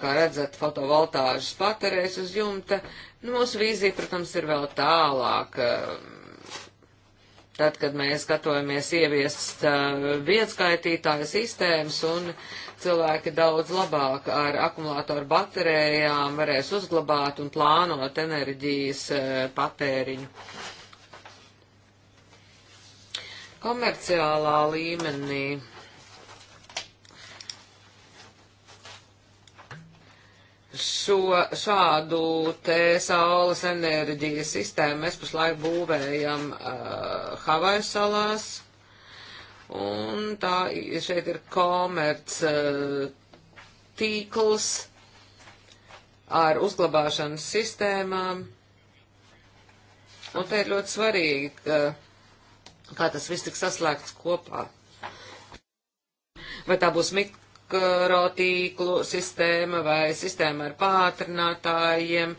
kā redzat, fotovoltāžas patarēs uz jumta. Nu, mūsu vīzija, protams, ir vēl tālāk. E, tad, kad mēs gatavojamies ieviest e, vietskaitītāju sistēmas un cilvēki daudz labāk ar akumulātoru baterējām varēs uzglabāt un plānot enerģijas patēriņu. Komerciālā līmenī šo, šādu te saules enerģijas sistēmu mēs pašlaik būvējam uh, Havaju salās, un tā šeit ir komerc uh, tīkls ar uzglabāšanas sistēmām, un te ir ļoti svarīgi, ka, kā tas viss tik saslēgts kopā. Vai tā būs mik makrotīklu sistēma vai sistēma ar pātrinātājiem,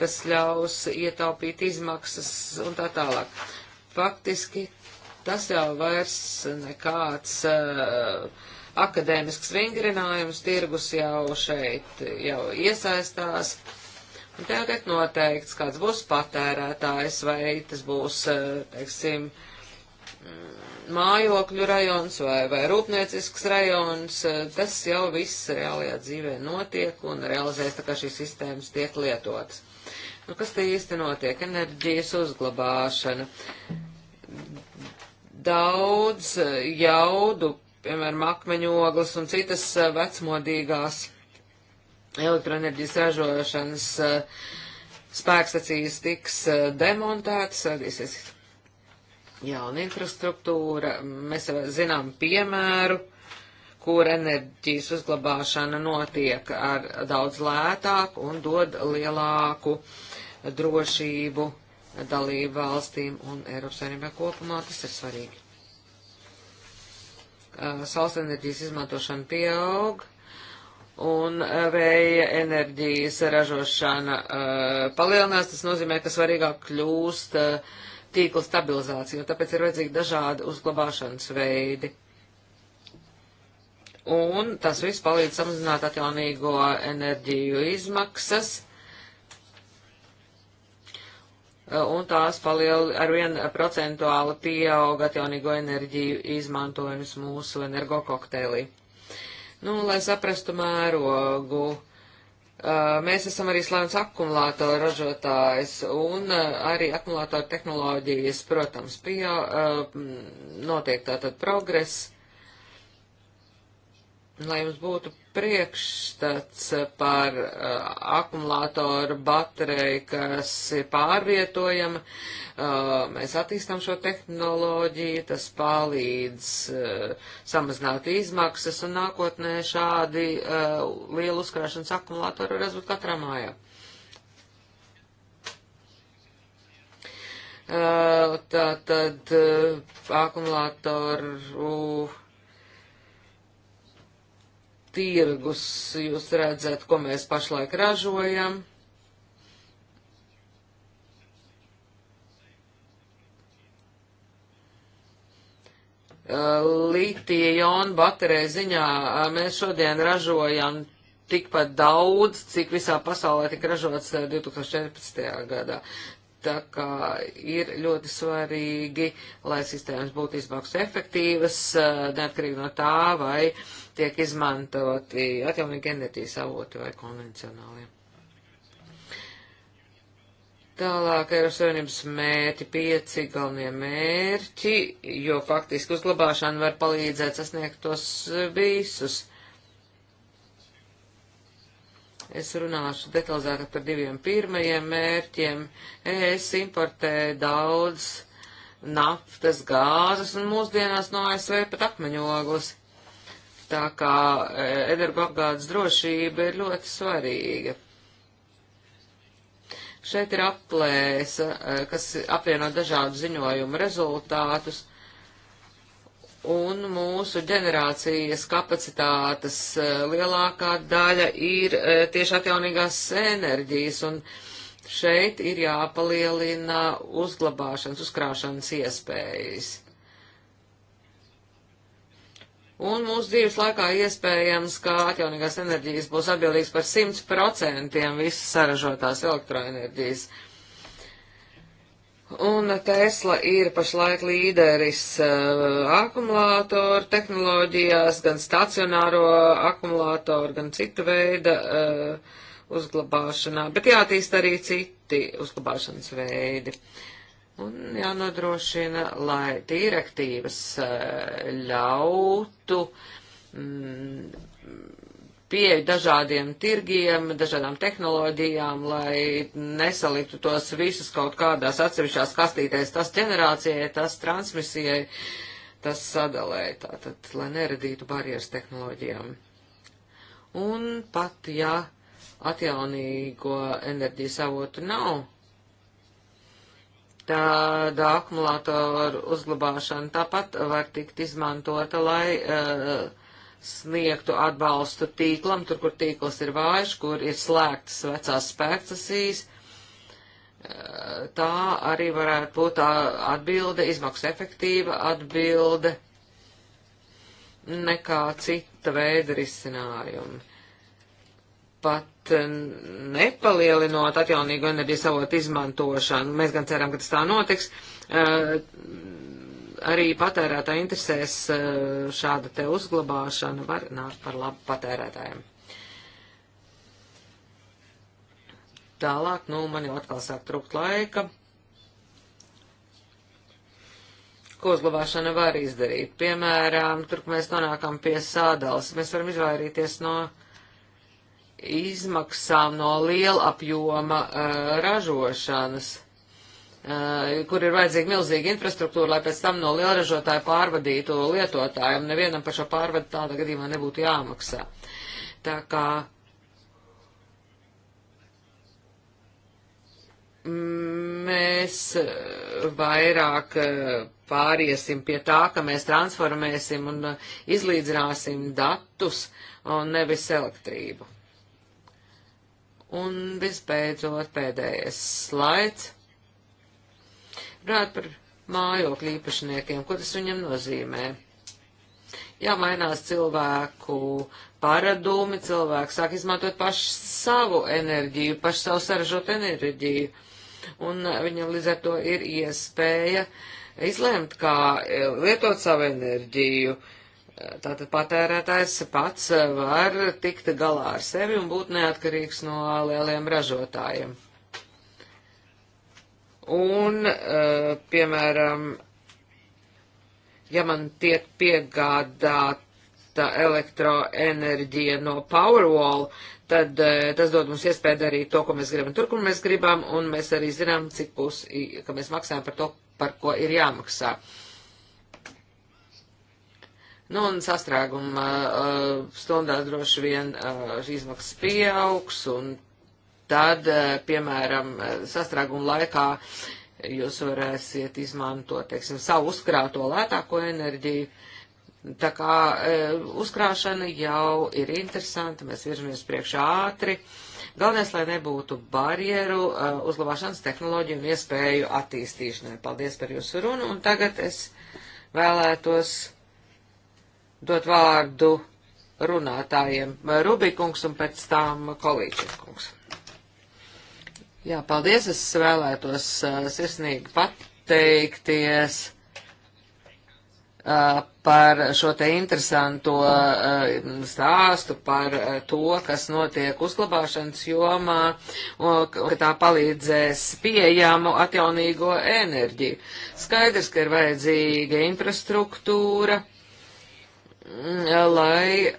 kas ļaus ietaupīt izmaksas un tā tālāk. Faktiski tas jau vairs nekāds uh, akadēmisks vingrinājums, tirgus jau šeit jau iesaistās. Un tagad noteikts, kāds būs patērētājs vai tas būs, eh, teiksim, uh, mājokļu rajons vai, vai rūpniecisks rajons, eh, tas jau viss reālajā dzīvē notiek un realizēs, tā kā šīs sistēmas tiek lietotas. Nu, kas te īsti notiek? Enerģijas uzglabāšana. Daudz eh, jaudu, piemēram, akmeņogles un citas eh, vecmodīgās elektroenerģijas ražošanas spēkstacijas tiks demontētas, radīsies jauna infrastruktūra. Mēs zinām piemēru, kur enerģijas uzglabāšana notiek ar daudz lētāk un dod lielāku drošību dalību valstīm un Eiropas Savienībā kopumā. Tas ir svarīgi. Saules enerģijas izmantošana pieaug, un vēja enerģijas ražošana uh, palielinās, tas nozīmē, ka svarīgāk kļūst uh, tīkla stabilizāciju, un tāpēc ir vajadzīgi dažādi uzglabāšanas veidi. Un tas viss palīdz samazināt atjaunīgo enerģiju izmaksas, un tās paliel ar vien procentuāli pieauga atjaunīgo enerģiju izmantojums mūsu energo kokteilī. Nu, lai saprastu mērogu. Uh, Eh, mēs esam arī slēmts akumulātoru ražotājs un eh, arī akumulātoru tehnoloģijas, protams, pieau, eh, notiek tātad progress, lai jums būtu priekšstats par uh, akumulātoru bateriju, kas ir pārvietojama. Uh, mēs attīstām šo tehnoloģiju, tas palīdz uh, samazināt izmaksas, un nākotnē šādi uh, lielu uzkrāšanas akumulātori varēs būt katrā mājā. Uh, tā tad uh, akumulātoru. Uh, tirgus, jūs redzat, ko mēs pašlaik ražojam. Uh, Litija jona baterija ziņā uh, mēs šodien ražojam tikpat daudz, cik visā pasaulē tika ražots 2014. Uh, gadā. Tā kā ir ļoti svarīgi, lai sistēmas būtu izmaksu efektīvas, neatkarīgi no tā, vai uh, tiek izmantoti atjaunīgi enerģijas avoti vai konvencionālie. Tālāk Eiropas Savienības mērķi, pieci galvenie mērķi, jo faktiski uzglabāšana var palīdzēt sasniegt tos e, visus. Es runāšu detalizētāk par diviem pirmajiem mērķiem. Es importēju daudz naftas, gāzes un mūsdienās no ASV pat akmeņoglis. Tā kā e, energoapgādes drošība ir ļoti svarīga. Šeit ir aplēsa, e, kas apvieno dažādu ziņojumu rezultātus, un mūsu ģenerācijas kapacitātes e, lielākā daļa ir tieši atjaunīgās enerģijas, un šeit ir jāpalielina uzglabāšanas, uzkrāšanas iespējas. Un mūsu dzīves laikā iespējams, ka atjaunīgās enerģijas būs atbildīgas par 100% visas saražotās elektroenerģijas. Un Tesla ir pašlaik līderis uh, akumulātoru tehnoloģijās, gan stacionāro akumulātoru, gan citu veidu uh, eh, uzglabāšanā, bet jātīst arī citi uzglabāšanas veidi. Uh, Un jānodrošina, lai direktīvas eh, ļautu mm, pieeju dažādiem tirgiem, dažādām tehnoloģijām, lai nesaliktu tos visus kaut kādās atsevišķās kastītēs, tas ģenerācijai, tas transmisijai, tas sadalē, tātad, lai neradītu barjeras tehnoloģijām. Un pat, ja atjaunīgo enerģijas avotu nav, tāda akumulātoru uzglabāšana tāpat var tikt izmantota, lai uh, sniegtu atbalstu tīklam, tur, kur tīkls ir vājš, kur ir slēgtas vecās spēkcasīs. Uh, tā arī varētu būt tā atbilde, izmaksu efektīva atbilde nekā cita veida risinājumi. Pat Eh, nepalielinot atjaunīgo enerģijas avotu izmantošanu. Mēs gan ceram, ka tas tā notiks. Eh, arī patērētā interesēs eh, šāda te uzglabāšana var nākt par labu patērētājiem. Tālāk, nu, man jau atkal sāk trūkt laika. Ko uzglabāšana var izdarīt? Piemēram, tur, kur mēs nonākam pie sādals, mēs varam izvairīties no uh, izmaksām no liela apjoma uh, eh, ražošanas, uh, kur ir vajadzīga milzīga infrastruktūra, lai pēc tam no liela ražotāja pārvadītu lietotājiem. Nevienam par šo pārvadu tādā gadījumā nebūtu jāmaksā. Tā kā mm, mēs eh, vairāk pāriesim pie tā, ka mēs transformēsim un izlīdzināsim datus un nevis elektrību. Un visbeidzot pēdējais slaids. Runāt par mājokļu īpašniekiem, ko tas viņam nozīmē. Jā, mainās cilvēku paradumi, cilvēki sāk izmantot pašu savu enerģiju, pašu savu saražot enerģiju. Un viņam līdz ar to ir iespēja izlemt, kā lietot savu enerģiju. Uh, Tātad patērētājs pats var tikt galā ar sevi un būt neatkarīgs no lieliem ražotājiem. Un, eh, piemēram, ja man tiek piegādāta elektroenerģija no Powerwall, tad eh, tas dod mums iespēju darīt to, ko mēs gribam, tur, kur mēs gribam, un mēs arī zinām, cik būs, ka mēs maksājam par to, par ko ir jāmaksā. Uh, Nu, un sastrēguma eh, stundās droši vien eh, izmaksas pieaugs, un tad, eh, piemēram, sastrēguma laikā jūs varēsiet izmantot, teiksim, savu uzkrāto lētāko enerģiju. Tā kā uzkrāšana jau ir interesanta, mēs virzamies priekšā ātri. Galvenais, lai nebūtu barjeru uzglabāšanas tehnoloģiju un iespēju attīstīšanai. Paldies par jūsu runu, un tagad es vēlētos dot vārdu runātājiem Rubikungs un pēc tām Kolīčikungs. Jā, paldies, es vēlētos uh, sirsnīgi pateikties uh, par šo te interesanto uh, stāstu par uh, to, kas notiek uzglabāšanas jomā, un ka tā palīdzēs pieejamu atjaunīgo enerģiju. Skaidrs, ka ir vajadzīga infrastruktūra lai,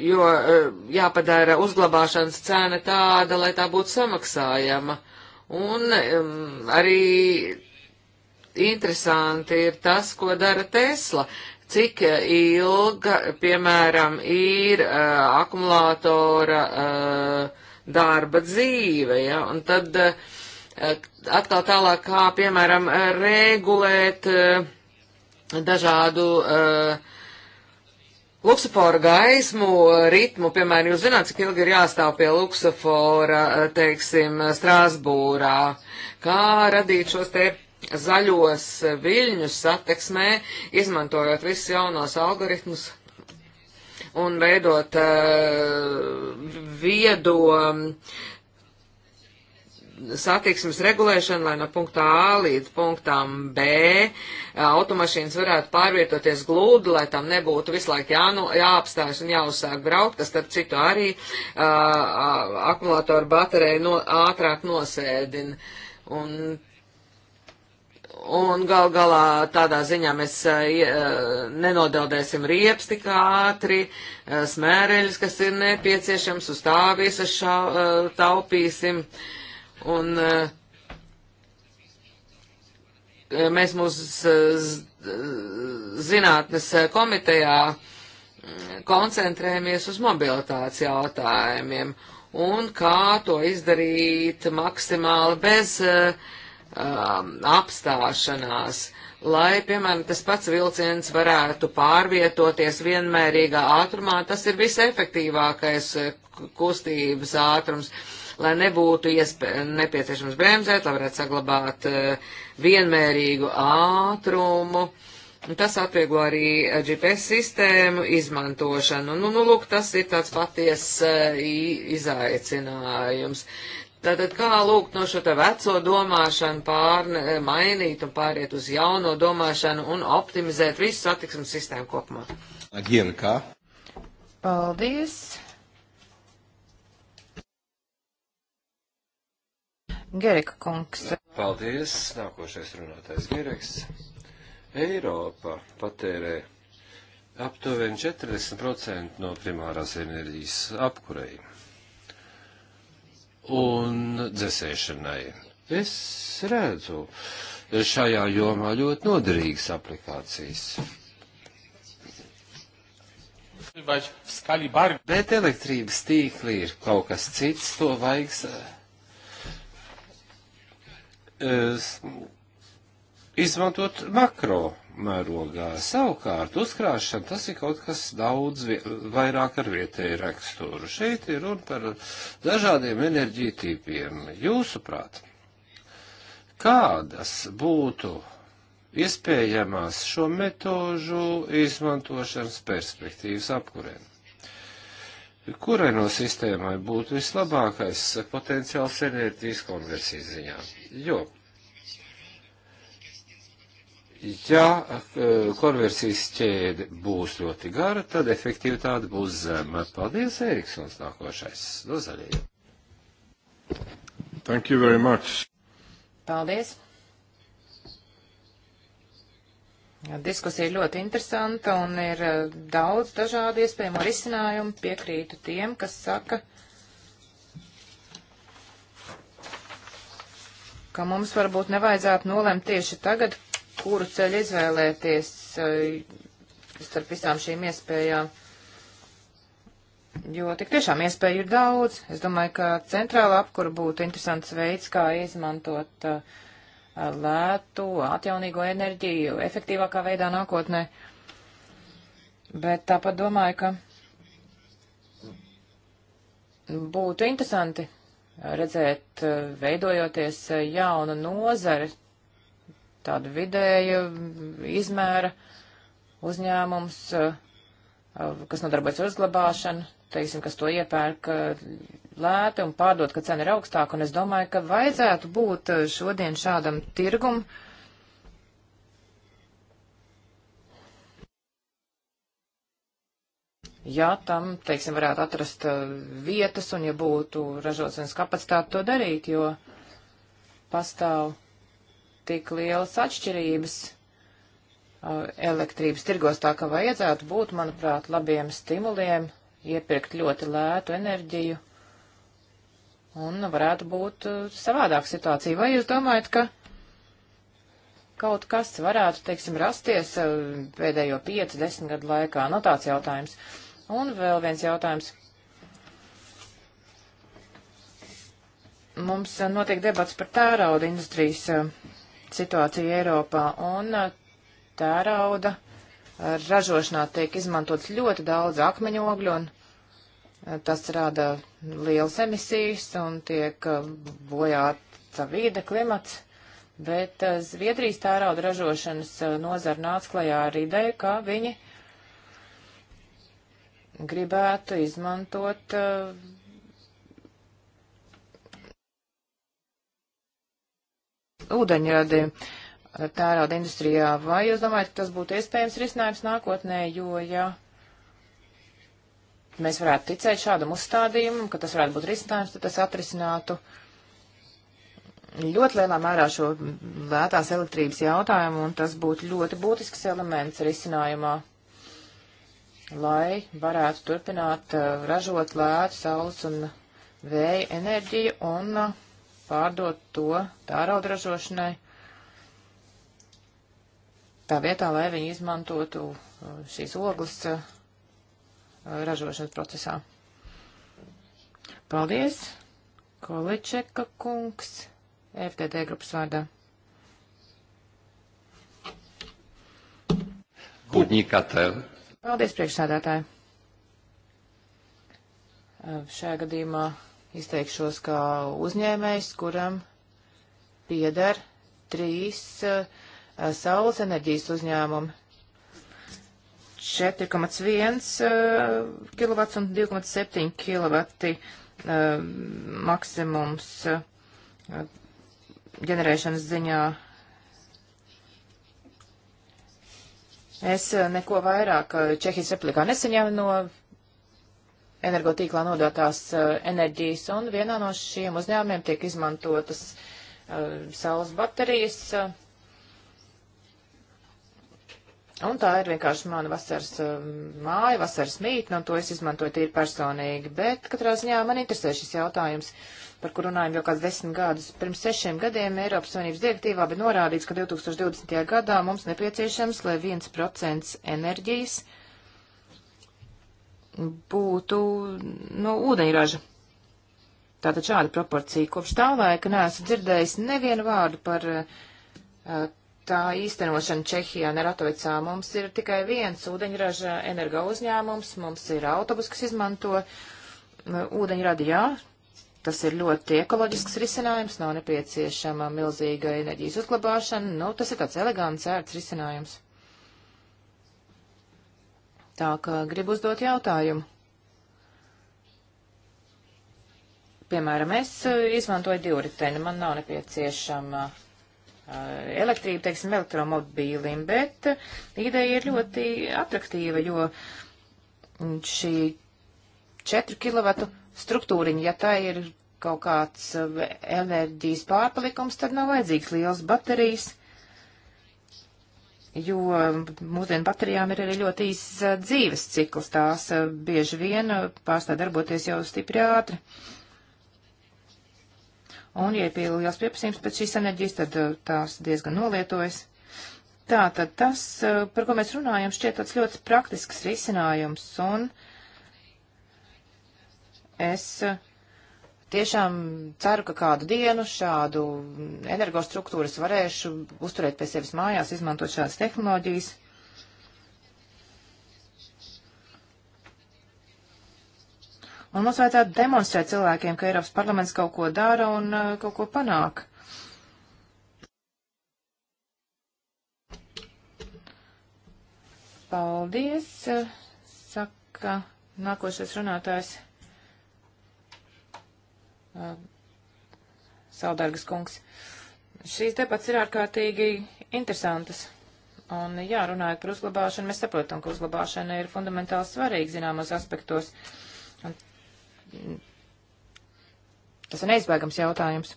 jo e, jāpadara uzglabāšanas cena tāda, lai tā būtu samaksājama. Un um, arī interesanti ir tas, ko dara Tesla. Cik ilga, piemēram, ir uh, akumulātora uh, darba dzīve, ja? Un tad uh, atkal tālāk, kā, piemēram, regulēt uh, dažādu uh, eh, Luksofora gaismu, ritmu, piemēram, jūs zināt, cik ilgi ir jāstāv pie luksofora, eh, teiksim, Strāsbūrā, kā radīt šos te zaļos viļņus satiksmē, izmantojot visus jaunos algoritmus un veidot uh, viedo satiksmes regulēšana, lai no punktā A līdz punktām B automašīnas varētu pārvietoties glūdi, lai tam nebūtu visu laiku jānu, jāapstājas un jāuzsāk braukt, kas starp citu arī uh, akumulātoru bateriju no, ātrāk nosēdina. Un, un gal galā tādā ziņā mēs uh, nenodeldēsim riepas tik ātri, uh, smēreļus, kas ir nepieciešams, uz tā visas šā, uh, taupīsim. Uh, Un eh, mēs mūsu eh, zinātnes eh, komitejā mm, koncentrējamies uz mobilitātes jautājumiem un kā to izdarīt maksimāli bez uh, apstāšanās, lai, piemēram, tas pats vilciens varētu pārvietoties vienmērīgā ātrumā, tas ir visefektīvākais kustības ātrums lai nebūtu nepieciešams bremzēt, lai varētu saglabāt eh, vienmērīgu ātrumu. Un tas atvieglo arī GPS sistēmu izmantošanu. Nu, nu, lūk, tas ir tāds paties eh, izaicinājums. Tātad kā lūgt no šo te veco domāšanu pārne, eh, mainīt un pāriet uz jauno domāšanu un optimizēt visu satiksmu sistēmu kopumā? Agirka. Paldies. Gerika kungs. Paldies. Nākošais runātājs Geriks. Eiropa patērē aptuveni 40% no primārās enerģijas apkurei un dzesēšanai. Es redzu šajā jomā ļoti noderīgas aplikācijas. Bet elektrības tīkli ir kaut kas cits, to vajag izmantot makro mērogā. Savukārt, uzkrāšana tas ir kaut kas daudz vairāk ar vietēju raksturu. Šeit ir runa par dažādiem enerģiju tīpiem. Jūsuprāt, kādas būtu iespējamās šo metožu izmantošanas perspektīvas apkurēm? kurai no sistēmai būtu vislabākais potenciāls enerģijas konversijas ziņā. Jo, ja e, konversijas ķēde būs ļoti gara, tad efektivitāte būs zema. Paldies, Eriksons, nākošais no zaļajiem. Thank you very much. Paldies. Diskusija ir ļoti interesanta un ir eh, daudz dažādu iespējamo risinājumu. Piekrītu tiem, kas saka, ka mums varbūt nevajadzētu nolemt tieši tagad, kuru ceļu izvēlēties eh, starp visām šīm iespējām. Jo tik tiešām iespēju ir daudz. Es domāju, ka centrāla apkura būtu interesants veids, kā izmantot uh, lētu, atjaunīgo enerģiju efektīvākā veidā nākotnē. Bet tāpat domāju, ka būtu interesanti redzēt, veidojoties jauna nozare, tādu vidēju izmēra uzņēmums, kas nodarbojas ar uzglabāšanu, teiksim, kas to iepērk lēti un pārdot, ka cena ir augstāka, un es domāju, ka vajadzētu būt eh, šodien šādam tirgum. Ja tam, teiksim, varētu atrast eh, vietas un ja būtu ražošanas kapacitāte to darīt, jo pastāv tik lielas atšķirības eh, elektrības tirgos, tā ka vajadzētu būt, manuprāt, labiem stimuliem iepirkt ļoti lētu enerģiju un varētu būt uh, savādāka situācija. Vai jūs domājat, ka kaut kas varētu, teiksim, rasties uh, pēdējo 5-10 gadu laikā? Nu, no tāds jautājums. Un vēl viens jautājums. Mums uh, notiek debats par tērauda industrijas situāciju Eiropā, un tērauda ražošanā tiek izmantots ļoti daudz akmeņogļu un Tas rada liels emisijas un tiek uh, bojāta vīda klimats, bet uh, Zviedrijas tērauda ražošanas uh, nozara nāca klajā ar ideju, ka viņi gribētu izmantot ūdeņradi tērauda industrijā. Vai jūs domājat, ka tas būtu iespējams risinājums nākotnē, jo ja mēs varētu ticēt šādam uzstādījumam, ka tas varētu būt risinājums, tad tas atrisinātu ļoti lielā mērā šo lētās elektrības jautājumu, un tas būtu ļoti būtisks elements risinājumā, lai varētu turpināt uh, ražot lētu saules un vēja enerģiju un uh, pārdot to tāraudu ražošanai. Tā vietā, lai viņi izmantotu uh, šīs ogles uh, ražošanas procesā. Paldies, Kolečeka kungs, FTD grupas vārdā. Podnikatel. Paldies, priekšsādātāji. Šajā gadījumā izteikšos kā uzņēmējs, kuram pieder trīs uh, saules enerģijas uzņēmumi 4,1 kW eh, un 2,7 kW eh, maksimums eh, ģenerēšanas ziņā. Es neko vairāk Čehijas replikā nesaņēmu no energotīklā nodotās enerģijas, un vienā no šiem uzņēmumiem tiek izmantotas saules baterijas Un tā ir vienkārši mana vasaras um, māja, vasaras mītne, un to es izmantoju tīri personīgi. Bet katrā ziņā man interesē šis jautājums, par kur runājam jau kāds desmit gadus. Pirms sešiem gadiem Eiropas Savienības direktīvā bija norādīts, ka 2020. gadā mums nepieciešams, lai 1% enerģijas būtu no nu, ūdeņraža. Tātad šāda proporcija. Kopš tā laika neesmu dzirdējis nevienu vārdu par uh, tā īstenošana Čehijā Neratovicā. Mums ir tikai viens ūdeņraža energo uzņēmums, mums ir autobus, kas izmanto ūdeņradi, jā. Tas ir ļoti ekoloģisks risinājums, nav nepieciešama milzīga enerģijas uzglabāšana. Nu, tas ir tāds elegants, ērts risinājums. Tā kā gribu uzdot jautājumu. Piemēram, es eh, izmantoju divriteni, man nav nepieciešama uh, Eh, elektrību, teiksim, elektromobīlim, bet eh, ideja ir ļoti atraktīva, jo šī 4 kW struktūriņa, ja tā ir kaut kāds eh, enerģijas pārpalikums, tad nav vajadzīgs liels baterijas, jo mūsdienu baterijām ir arī ļoti īsts dzīves cikls, tās bieži vien pārstāv darboties jau stipri ātri. Uh, Un, ja ir liels pieprasījums pēc šīs enerģijas, tad eh, tās diezgan nolietojas. Tātad tas, eh, par ko mēs runājam, šķiet tāds ļoti praktisks risinājums, un es eh, tiešām ceru, ka kādu dienu šādu energostruktūras varēšu uzturēt pie sevis mājās, izmantot šādas tehnoloģijas. Un mums vajadzētu demonstrēt cilvēkiem, ka Eiropas parlaments kaut ko dara un uh, kaut ko panāk. Paldies, saka nākošais runātājs. Uh, Saudargas kungs. Šīs debats ir ārkārtīgi interesantas. Un, jā, runājot par uzglabāšanu, mēs saprotam, ka uzglabāšana ir fundamentāli svarīga zināmos aspektos. Un tas ir neizbēgams jautājums.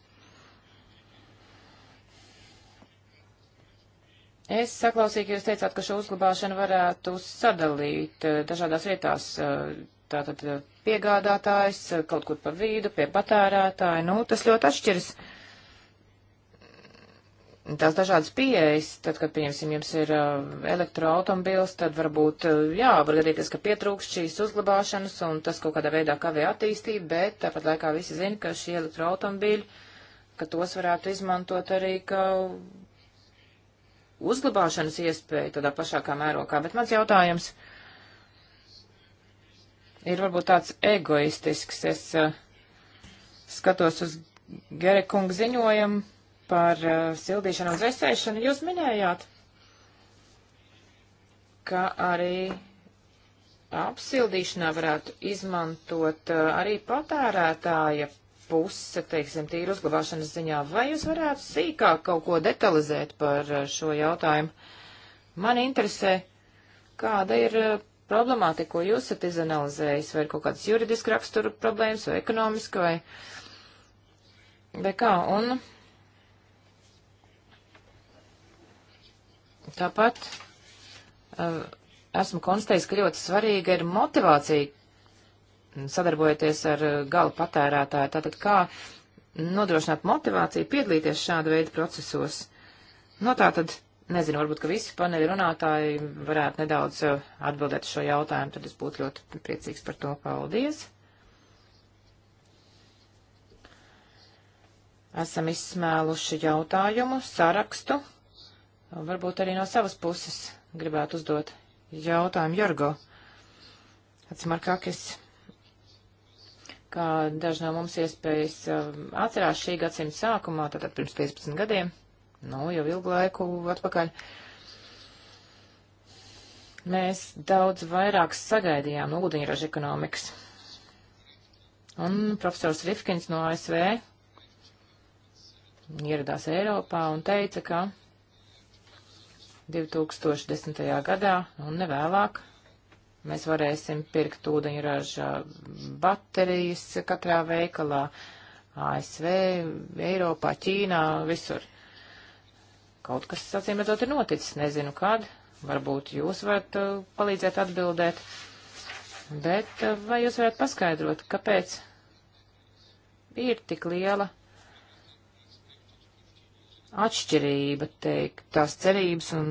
Es saklausīju, ka jūs teicāt, ka šo uzglabāšanu varētu sadalīt eh, dažādās vietās. Eh, tātad eh, piegādātājs kaut kur pa vīdu, pie patērētāja. Nu, tas ļoti atšķiras. Uh, tās dažādas pieejas, tad, kad, pieņemsim, jums ir uh, elektroautomobils, tad varbūt, uh, jā, var gadīties, ka pietrūkst šīs uzglabāšanas un tas kaut kādā veidā kavē attīstību, bet tāpat laikā visi zina, ka šie elektroautomobīļi, ka tos varētu izmantot arī, ka uzglabāšanas iespēju tādā pašākā mērokā. Bet mans jautājums ir varbūt tāds egoistisks. Es uh, skatos uz Gerekunga ziņojumu par uh, sildīšanu un dzēsēšanu. Jūs minējāt, ka arī apsildīšanā varētu izmantot uh, arī patērētāja puse, teiksim, tīri uzglabāšanas ziņā. Vai jūs varētu sīkāk kaut ko detalizēt par uh, šo jautājumu? Man interesē, kāda ir uh, problemātika, ko jūs esat izanalizējis, vai ir kaut kādas juridiska rakstura problēmas, vai ekonomiska, vai, vai kā. Un Tāpat uh, esmu konstatējis, ka ļoti svarīga ir motivācija sadarbojoties ar uh, eh, galu patērētāju. Tātad kā nodrošināt motivāciju piedalīties šāda veida procesos. No nu, tā tad, nezinu, varbūt, ka visi paneļa runātāji varētu nedaudz uh, atbildēt šo jautājumu, tad es būtu ļoti priecīgs par to. Paldies! Esam izsmēluši jautājumu sarakstu. Varbūt arī no savas puses gribētu uzdot jautājumu Jorgo. Atsimarkākis, kā daži no mums iespējas um, atcerās šī gadsimta sākumā, tātad pirms 15 gadiem, nu jau ilgu laiku atpakaļ, mēs daudz vairāk sagaidījām no ūdeņraža ekonomikas. Un profesors Rifkins no ASV ieradās Eiropā un teica, ka 2010. gadā nu, un nevēlāk mēs varēsim pirkt ūdeņraža baterijas katrā veikalā, ASV, Eiropā, Ķīnā, visur. Kaut kas, acīm redzot, ir noticis, nezinu kad, varbūt jūs varat uh, palīdzēt atbildēt, bet uh, vai jūs varat paskaidrot, kāpēc ir tik liela atšķirība, teikt, tās cerības un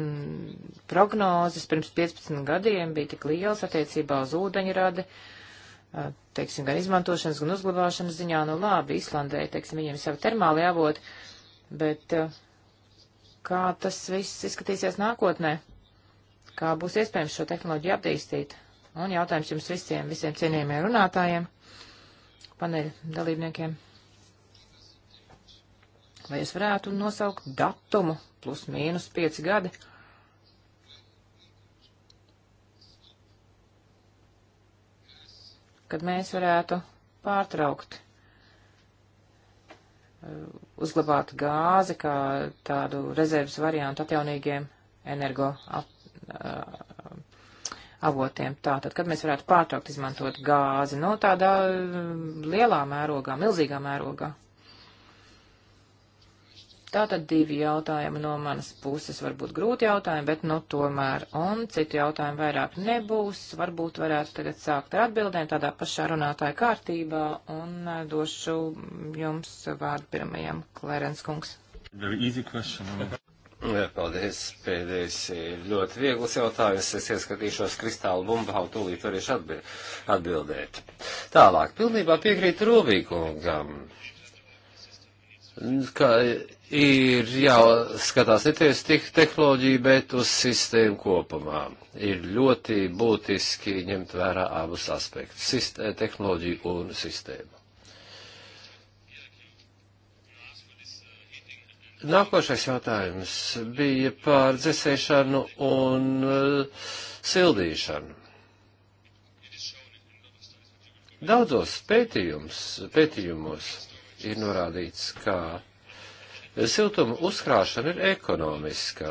prognozes pirms 15 gadiem bija tik liels attiecībā uz ūdeņradi, teiksim, gan izmantošanas, gan uzglabāšanas ziņā, nu labi, Islandē, teiksim, viņiem ir savi termāli jābūt, bet kā tas viss izskatīsies nākotnē? Kā būs iespējams šo tehnoloģiju attīstīt? Un jautājums jums visiem, visiem cienījumiem runātājiem, paneļa dalībniekiem. Vai jūs varētu nosaukt datumu plus mīnus pieci gadi? Kad mēs varētu pārtraukt eh, uzglabāt gāzi kā tādu rezerves variantu atjaunīgiem energo ap, eh, avotiem. Tātad, kad mēs varētu pārtraukt izmantot gāzi, no tādā eh, lielā mērogā, milzīgā mērogā. Tātad divi jautājumi no manas puses, varbūt grūti jautājumi, bet nu tomēr, un citu jautājumu vairāk nebūs, varbūt varētu tagad sākt ar atbildēm tādā pašā runātāja kārtībā, un eh, došu jums vārdu pirmajam, Klērens kungs. Jā, paldies. Pēdējais ir ļoti viegls jautājums. Es ieskatīšos kristālu bumbā un tūlīt varēšu atbildēt. Tālāk, pilnībā piekrītu Rūbīkungam, ka ir jāskatās ne tikai tehnoloģija, bet uz sistēmu kopumā. Ir ļoti būtiski ņemt vērā abus aspektus Sist eh, - tehnoloģiju un sistēmu. Nākošais jautājums bija par dzesēšanu un eh, sildīšanu. Daudzos pētījums, pētījumos ir norādīts, ka Siltuma uzkrāšana ir ekonomiska,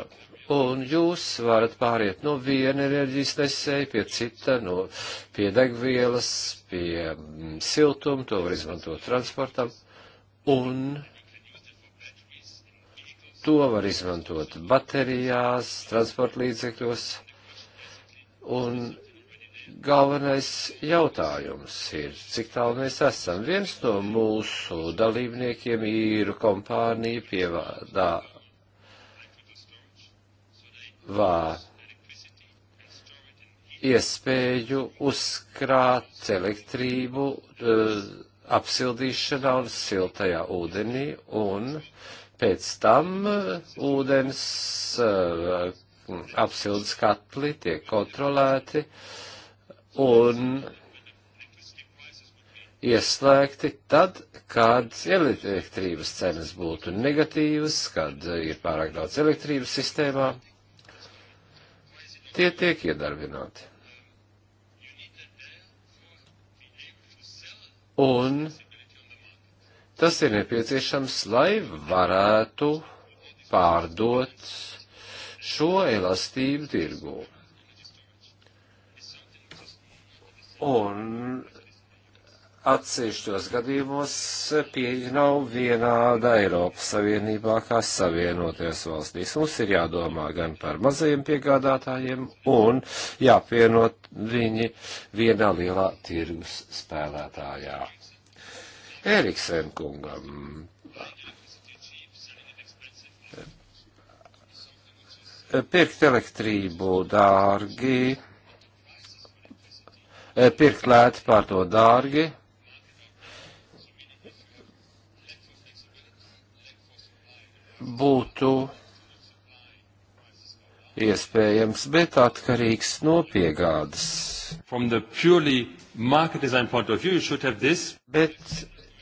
un jūs varat pāriet no viena enerģijas nesēja pie cita, no, pie degvielas, pie mm, siltuma, to var izmantot transportam, un to var izmantot baterijās, transportlīdzekļos, un galvenais jautājums ir, cik tālu mēs esam. Viens no mūsu dalībniekiem ir kompānija pievādā vā iespēju uzkrāt elektrību eh, apsildīšanā un siltajā ūdenī, un pēc tam eh, ūdens eh, apsildes katli tiek kontrolēti. Uh, un ieslēgti tad, kad elektrības cenas būtu negatīvas, kad ir pārāk daudz elektrības sistēmā, tie tiek iedarbināti. Un tas ir nepieciešams, lai varētu pārdot šo elastību tirgū. Un atsevišķos gadījumos pieeja nav vienāda Eiropas Savienībā kā savienoties valstīs. Mums ir jādomā gan par mazajiem piegādātājiem un jāpienot viņi vienā lielā tirgus spēlētājā. Eriksen kungam. Pirkt elektrību dārgi Eh, pirkt lēti, pārdot dārgi. Būtu iespējams, bet atkarīgs no piegādes. View, bet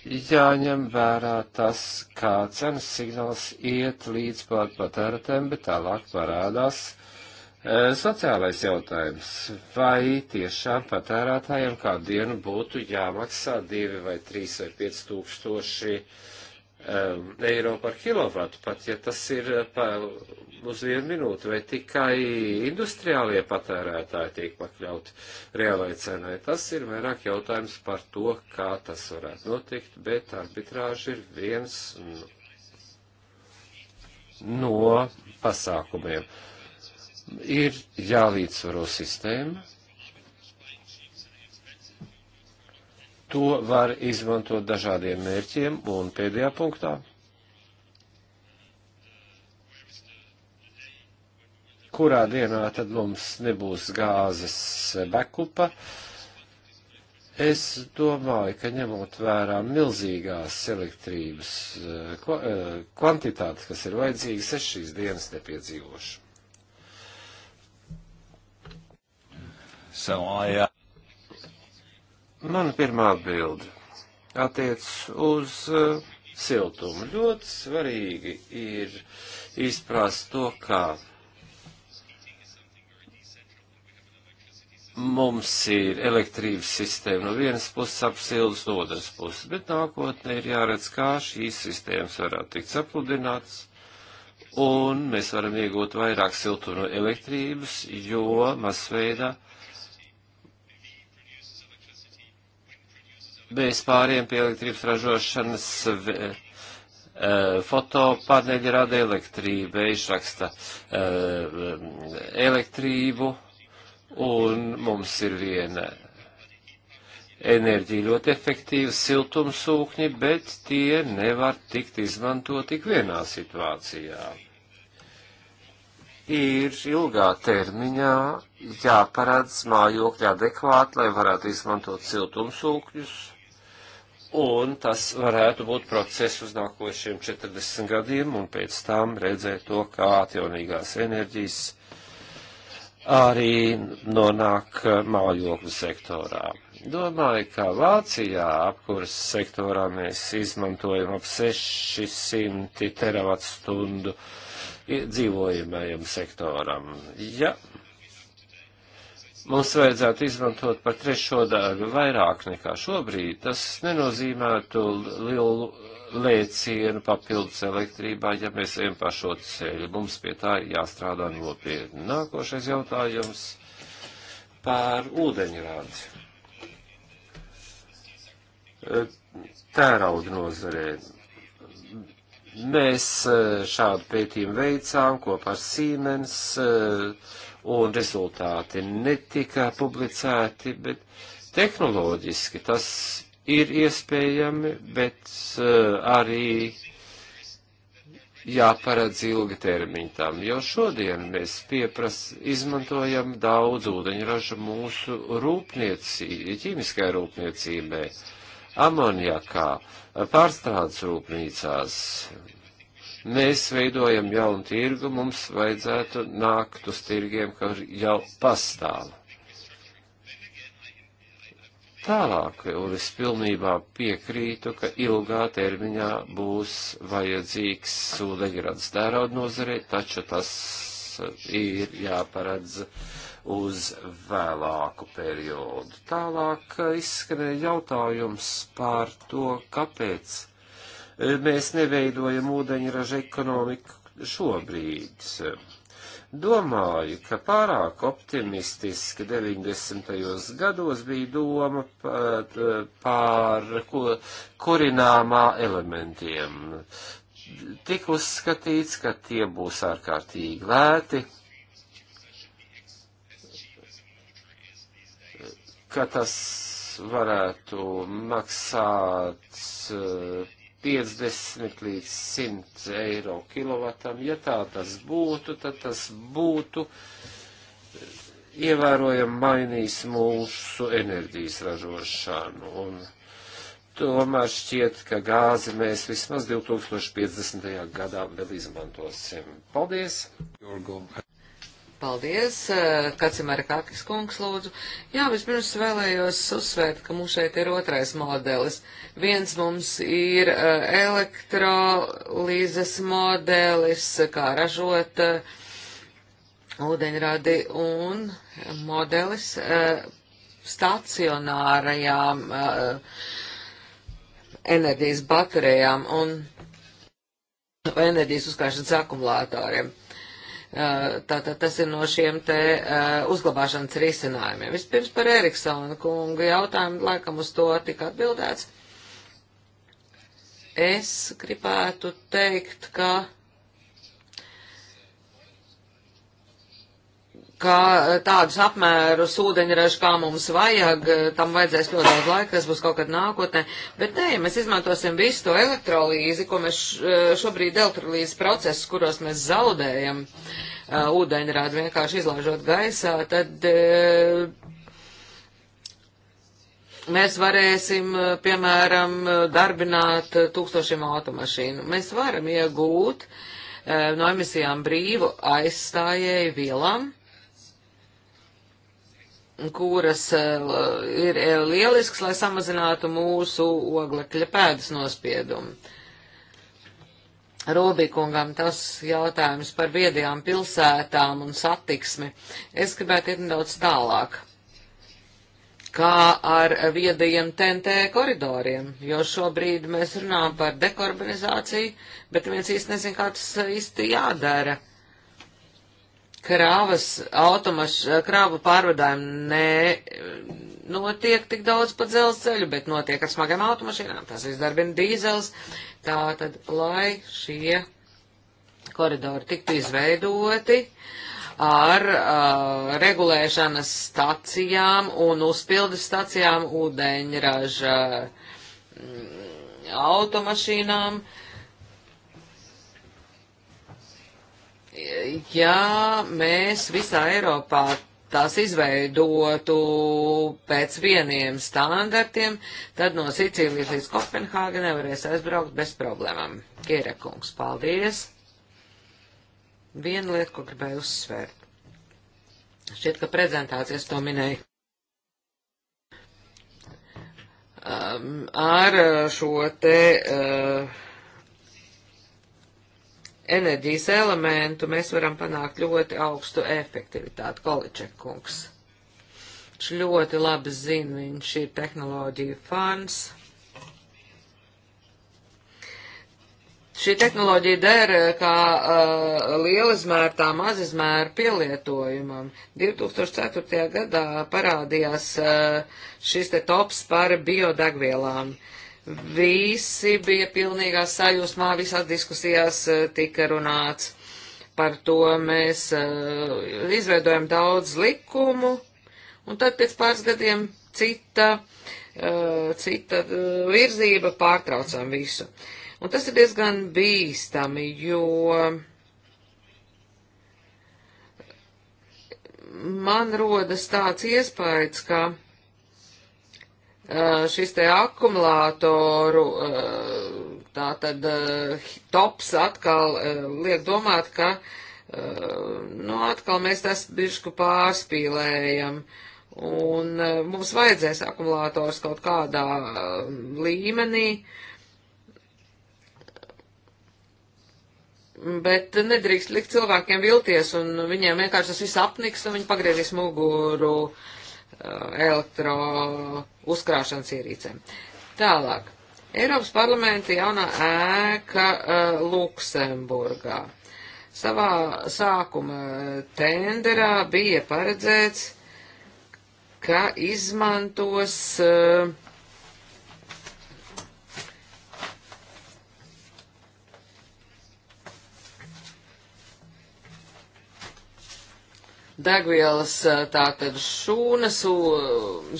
jāņem vērā tas, kā cenas signāls iet līdz pat patērētēm, bet tālāk parādās E, sociālais jautājums. Vai tiešām patērētājiem kādu dienu būtu jāmaksā 2 vai 3 vai 5 tūkstoši um, eiro par kilovatu, pat ja tas ir e, pa, uz vienu minūti, vai tikai industriālie patērētāji tiek pakļauti reālai cenai? Tas ir vairāk jautājums par to, kā tas varētu notikt, bet arbitrāži ir viens no, no pasākumiem. Uh, ir jālīdzsvaro sistēma. To var izmantot dažādiem mērķiem un pēdējā punktā. Kurā dienā tad mums nebūs gāzes bekupa? Es domāju, ka ņemot vērā milzīgās elektrības eh, eh, kvantitātes, kas ir vajadzīgas, es šīs dienas nepiedzīvošu. So I, uh... Mana pirmā atbilde attiec uz uh, siltumu. Ļoti svarīgi ir izprast to, kā mums ir elektrības sistēma no vienas puses apsildes, no otras puses, bet nākotnē ir jāredz, kā šīs sistēmas varētu tikt sapludinātas, un mēs varam iegūt vairāk siltumu no elektrības, jo masveidā uh, Mēs pāriem pie elektrības ražošanas eh, fotopaneļi rada elektrību, izraksta eh, elektrību, un mums ir viena enerģija ļoti efektīva, siltumsūkņi, bet tie nevar tikt izmantot tik vienā situācijā. Ir ilgā termiņā jāparādz mājokļi adekvāti, lai varētu izmantot siltumsūkņus, un tas varētu būt process uz nākošiem 40 gadiem, un pēc tam redzēt to, kā atjaunīgās enerģijas arī nonāk mājokļu sektorā. Domāju, ka Vācijā apkuras sektorā mēs izmantojam ap 600 teravat stundu dzīvojamajam sektoram. Ja mums vajadzētu izmantot par trešo daļu vairāk nekā šobrīd. Tas nenozīmētu lielu lēcienu papildus elektrībā, ja mēs ejam pa šo ceļu. Mums pie tā ir jāstrādā nopietni. Nākošais jautājums par ūdeņrādi. Tērauda nozarē. Mēs eh, šādu pētījumu veicām kopā ar Siemens. Uh, un rezultāti netika publicēti, bet tehnoloģiski tas ir iespējami, bet uh, arī jāparedz ilgi termiņtam, jo šodien mēs piepras izmantojam daudz ūdeņraža mūsu rūpniecībai, ķīmiskai rūpniecībai, amoniakā, pārstrādes rūpnīcās, mēs veidojam jaunu tirgu, mums vajadzētu nākt uz tirgiem, kas jau pastāv. Tālāk, un es pilnībā piekrītu, ka ilgā termiņā būs vajadzīgs sūdeņrads tērauda nozarei, taču tas ir jāparedz uz vēlāku periodu. Tālāk eh, izskanēja jautājums par to, kāpēc mēs neveidojam ūdeņraža ekonomiku šobrīd. Domāju, ka pārāk optimistiski 90. gados bija doma pār kurināmā elementiem. Tik uzskatīts, ka tie būs ārkārtīgi lēti, ka tas varētu maksāt 50 līdz 100 eiro kilovatam. Ja tā tas būtu, tad tas būtu eh, ievērojami mainījis mūsu enerģijas ražošanu. Un tomēr šķiet, ka gāzi mēs vismaz 2050. gadā vēl izmantosim. Paldies! Jorgo. Paldies, eh, Kacimēra Kakis kungs, lūdzu. Jā, vispirms vēlējos uzsvērt, ka mums šeit ir otrais modelis. Viens mums ir eh, elektrolīzes modelis, kā ražot eh, ūdeņradi, un modelis stacionārajām enerģijas baterijām un enerģijas uzkrāšanas akumulātoriem. Eh, tātad tas ir no šiem te eh, uzglabāšanas risinājumiem. Vispirms par Eriksona kungu jautājumu, laikam uz to tika atbildēts. Es gribētu teikt, ka ka eh, tādus apmērus ūdeņražu, kā mums vajag, eh, tam vajadzēs ļoti daudz laika, tas būs kaut kad nākotnē. Bet nē, ja mēs izmantosim visu to elektrolīzi, ko mēs eh, šobrīd elektrolīzes procesus, kuros mēs zaudējam ūdeņrādu vienkārši izlaižot gaisā, tad mēs varēsim, piemēram, darbināt tūkstošiem automašīnu. Mēs varam iegūt no emisijām brīvu aizstājēju vielām kuras eh, ir eh, lielisks, lai samazinātu mūsu oglekļa pēdas nospiedumu. Robīkungam tas jautājums par viedajām pilsētām un satiksmi. Es gribētu iet nedaudz tālāk. Kā ar viedajiem TNT koridoriem, jo šobrīd mēs runājam par dekarbonizāciju, bet viens īsti nezin, kā tas eh, īsti jādara. Uh, krāvas automaš, eh, krāvu pārvadājumi ne notiek tik daudz pa dzelzceļu, bet notiek ar smagām automašīnām. Tas izdarbina dīzels. Tā tad, lai šie koridori tiktu izveidoti ar uh, regulēšanas stacijām un uzpildes stacijām ūdeņraža mm, automašīnām, uh, ja mēs visā Eiropā tās izveidotu pēc vieniem standartiem, tad no Sicīlijas līdz Kopenhāgenē varēs aizbraukt bez problēmām. Kierekungs, paldies! Viena lieta, ko gribēju uzsvērt. Šķiet, ka prezentācijas to minēja. Um, ar šo te uh, enerģijas elementu mēs varam panākt ļoti augstu efektivitāti. Količekungs. Viņš ļoti labi zina, viņš ir tehnoloģija fans. Šī tehnoloģija der eh, kā uh, eh, lielizmērtā mazizmēra pielietojumam. 2004. gadā parādījās uh, šis te tops par biodegvielām. Uh, Visi bija pilnīgā sajūsmā, visās diskusijās eh, tika runāts par to. Mēs eh, izveidojam daudz likumu, un tad pēc pāris gadiem cita, eh, cita virzība pārtraucām visu. Un tas ir diezgan bīstami, jo man rodas tāds iespējas, ka Eh, šis te akumulātoru eh, tā tad eh, tops atkal liek domāt, ka nu atkal mēs tas bišku pārspīlējam. Un mums vajadzēs akumulators kaut kādā līmenī, bet nedrīkst likt cilvēkiem vilties, un viņiem vienkārši tas viss apniks, un viņi pagriezīs muguru elektro uzkrāšanas ierīcēm. Tālāk. Eiropas parlamenta jaunā ēka uh, Luksemburgā. Savā sākuma eh, tenderā bija paredzēts, ka izmantos uh, degvielas eh, tātad šūnas,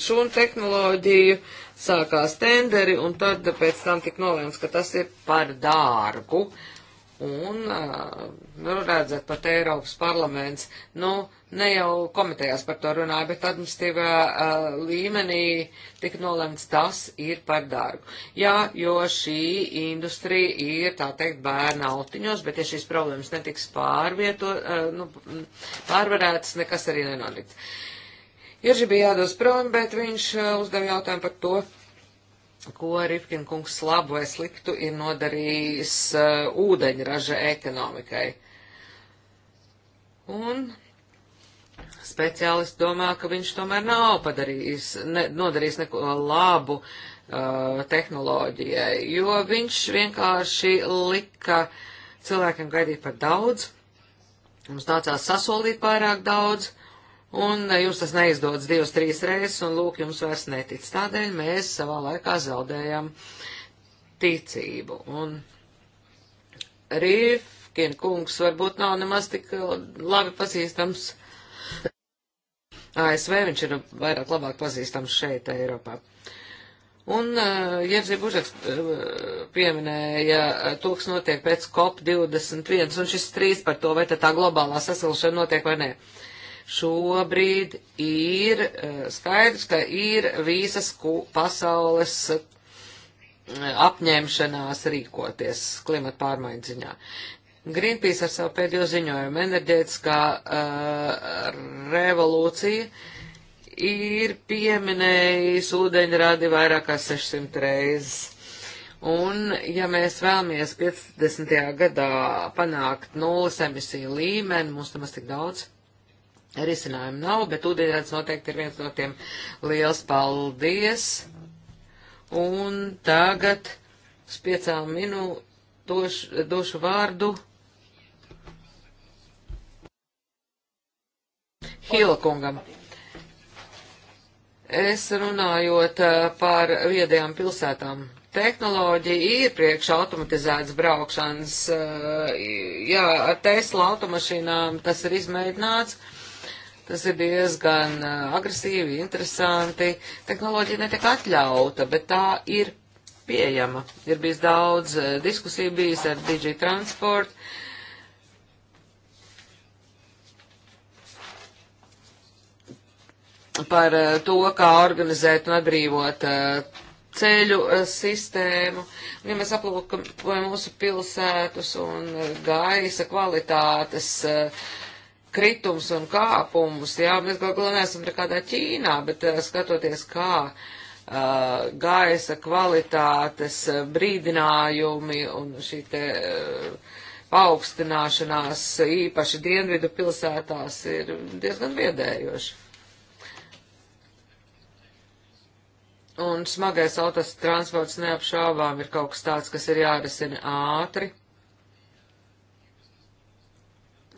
šūnu tehnoloģiju, sākās tenderi, un tad pēc tam tik nolēms, ka tas ir par dārgu. Uh, Un, nu, redzat, pat Eiropas parlaments, nu, ne jau komitejās par to runāja, bet administratīvā uh, līmenī tika nolemts tas ir par dārgu. Jā, jo šī industrija ir, tā teikt, bērna autiņos, bet ja šīs problēmas netiks pārvieto, uh, nu, pārvarētas, nekas arī nenotiks. Irži bija jādos prom, bet viņš uh, uzdeva jautājumu par to, ko Ripkinkungs labu vai sliktu ir nodarījis uh, ūdeņraža ekonomikai. Un speciālisti domā, ka viņš tomēr nav padarījis, ne, nodarījis neko labu uh, tehnoloģijai, jo viņš vienkārši lika cilvēkiem gaidīt par daudz, mums nācās sasolīt pārāk daudz, un eh, jums tas neizdodas divas, trīs reizes, un lūk, jums vairs netic. Tādēļ mēs savā laikā zaudējam ticību. Un Rīfkin kungs varbūt nav nemaz tik eh, labi pazīstams ASV, viņš ir vairāk labāk pazīstams šeit, Eiropā. Un uh, eh, Jevzija Bužeks uh, pieminēja to, kas notiek pēc COP21, un šis strīds par to, vai tā globālā sasilšana notiek vai nē. Uh, Šobrīd ir eh, skaidrs, ka ir visas pasaules eh, apņemšanās rīkoties klimata pārmaiņu ziņā. Greenpeace ar savu pēdējo ziņojumu enerģētiskā uh, revolūcija ir pieminējis ūdeņradi vairāk kā 600 reizes. Un, ja mēs vēlamies 50. gadā panākt nulles emisiju līmeni, mums nemaz tik daudz Risinājumu nav, bet ūdeņrads noteikti ir viens no tiem. Liels paldies! Un tagad uz piecām minūtēm došu vārdu Hilkungam. Es runājot par viedajām pilsētām. Tehnoloģija ir priekš automatizētas braukšanas. Jā, ar Tesla automašīnām tas ir izmēģināts. Tas ir diezgan agresīvi, interesanti. Tehnoloģija netiek atļauta, bet tā ir pieejama. Ir bijis daudz diskusiju bijis ar DJ Transport. par to, kā organizēt un atbrīvot ceļu sistēmu. Ja mēs aplūkam mūsu pilsētus un gaisa kvalitātes uh, kritums un kāpumus. Jā, mēs gal galā neesam nekādā Ķīnā, bet eh, skatoties, kā uh, gaisa kvalitātes eh, brīdinājumi un šī te. Uh, paaugstināšanās īpaši dienvidu pilsētās ir diezgan biedējoši. Un smagais autos transports neapšāvām ir kaut kas tāds, kas ir jārisina ātri.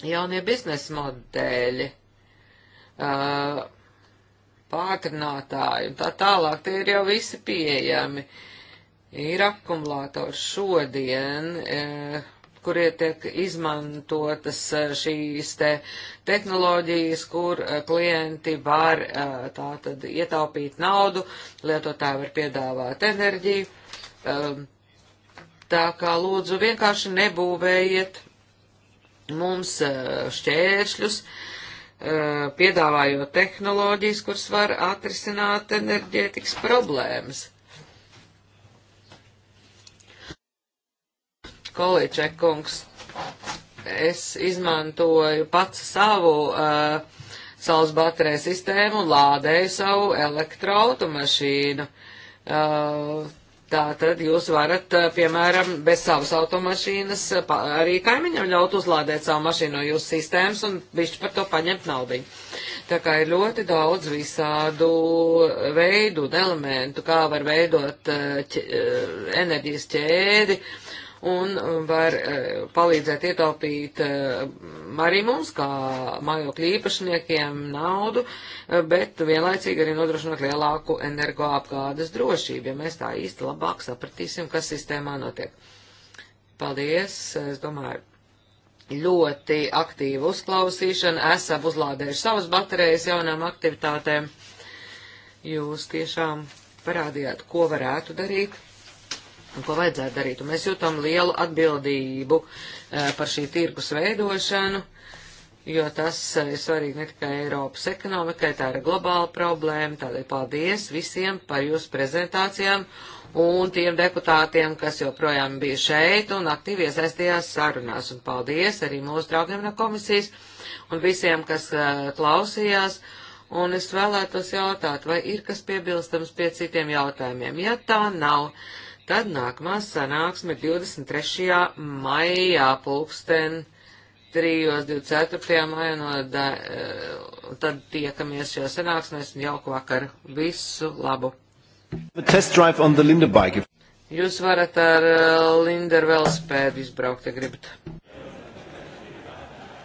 Jaunie biznesa modeļi, uh, pātrinātāji un tā tālāk, tie ir jau visi pieejami. Ir akumulātors šodien, uh, kurie tiek izmantotas uh, šīs te tehnoloģijas, kur klienti var tātad ietaupīt naudu, lietotāji var piedāvāt enerģiju. Um, tā kā lūdzu vienkārši nebūvējiet mums eh, šķēršļus, eh, piedāvājot tehnoloģijas, kuras var atrisināt enerģētikas problēmas. Kolīčekungs, es izmantoju pats savu uh, eh, saules bateriju sistēmu un lādēju savu elektroautomašīnu. Uh, Tā tad jūs varat, piemēram, bez savas automašīnas arī kaimiņam ļaut uzlādēt savu mašīnu no jūsu sistēmas un višķi par to paņemt naudiņu. Tā kā ir ļoti daudz visādu veidu un elementu, kā var veidot enerģijas ķēdi. Uh, un um, var uh, palīdzēt ietaupīt uh, arī mums, kā mājokļu īpašniekiem, naudu, uh, bet vienlaicīgi arī nodrošinot lielāku energoapgādes drošību, ja mēs tā īsti labāk sapratīsim, kas sistēmā notiek. Paldies, es domāju, ļoti aktīva uzklausīšana, esam uzlādējuši savas baterijas jaunām aktivitātēm. Jūs tiešām parādījāt, ko varētu darīt un ko vajadzētu darīt. Un mēs jūtam lielu atbildību eh, par šī tirkus veidošanu, jo tas eh, ir svarīgi ne tikai Eiropas ekonomikai, tā ir globāla problēma. Tādēļ paldies visiem par jūsu prezentācijām un tiem deputātiem, kas joprojām bija šeit un aktīvi iesaistījās sarunās. Un paldies arī mūsu draugiem no komisijas un visiem, kas eh, klausījās. Un es vēlētos jautāt, vai ir kas piebilstams pie citiem jautājumiem. Ja tā nav, Tad nākamā sanāksme 23. maijā pulksten 3. 24. maijā, no da, eh, tad tiekamies šajā sanāksmēs un jauku vakaru. Visu labu! Jūs varat ar eh, Lindervelspēdu izbraukt, ja gribat.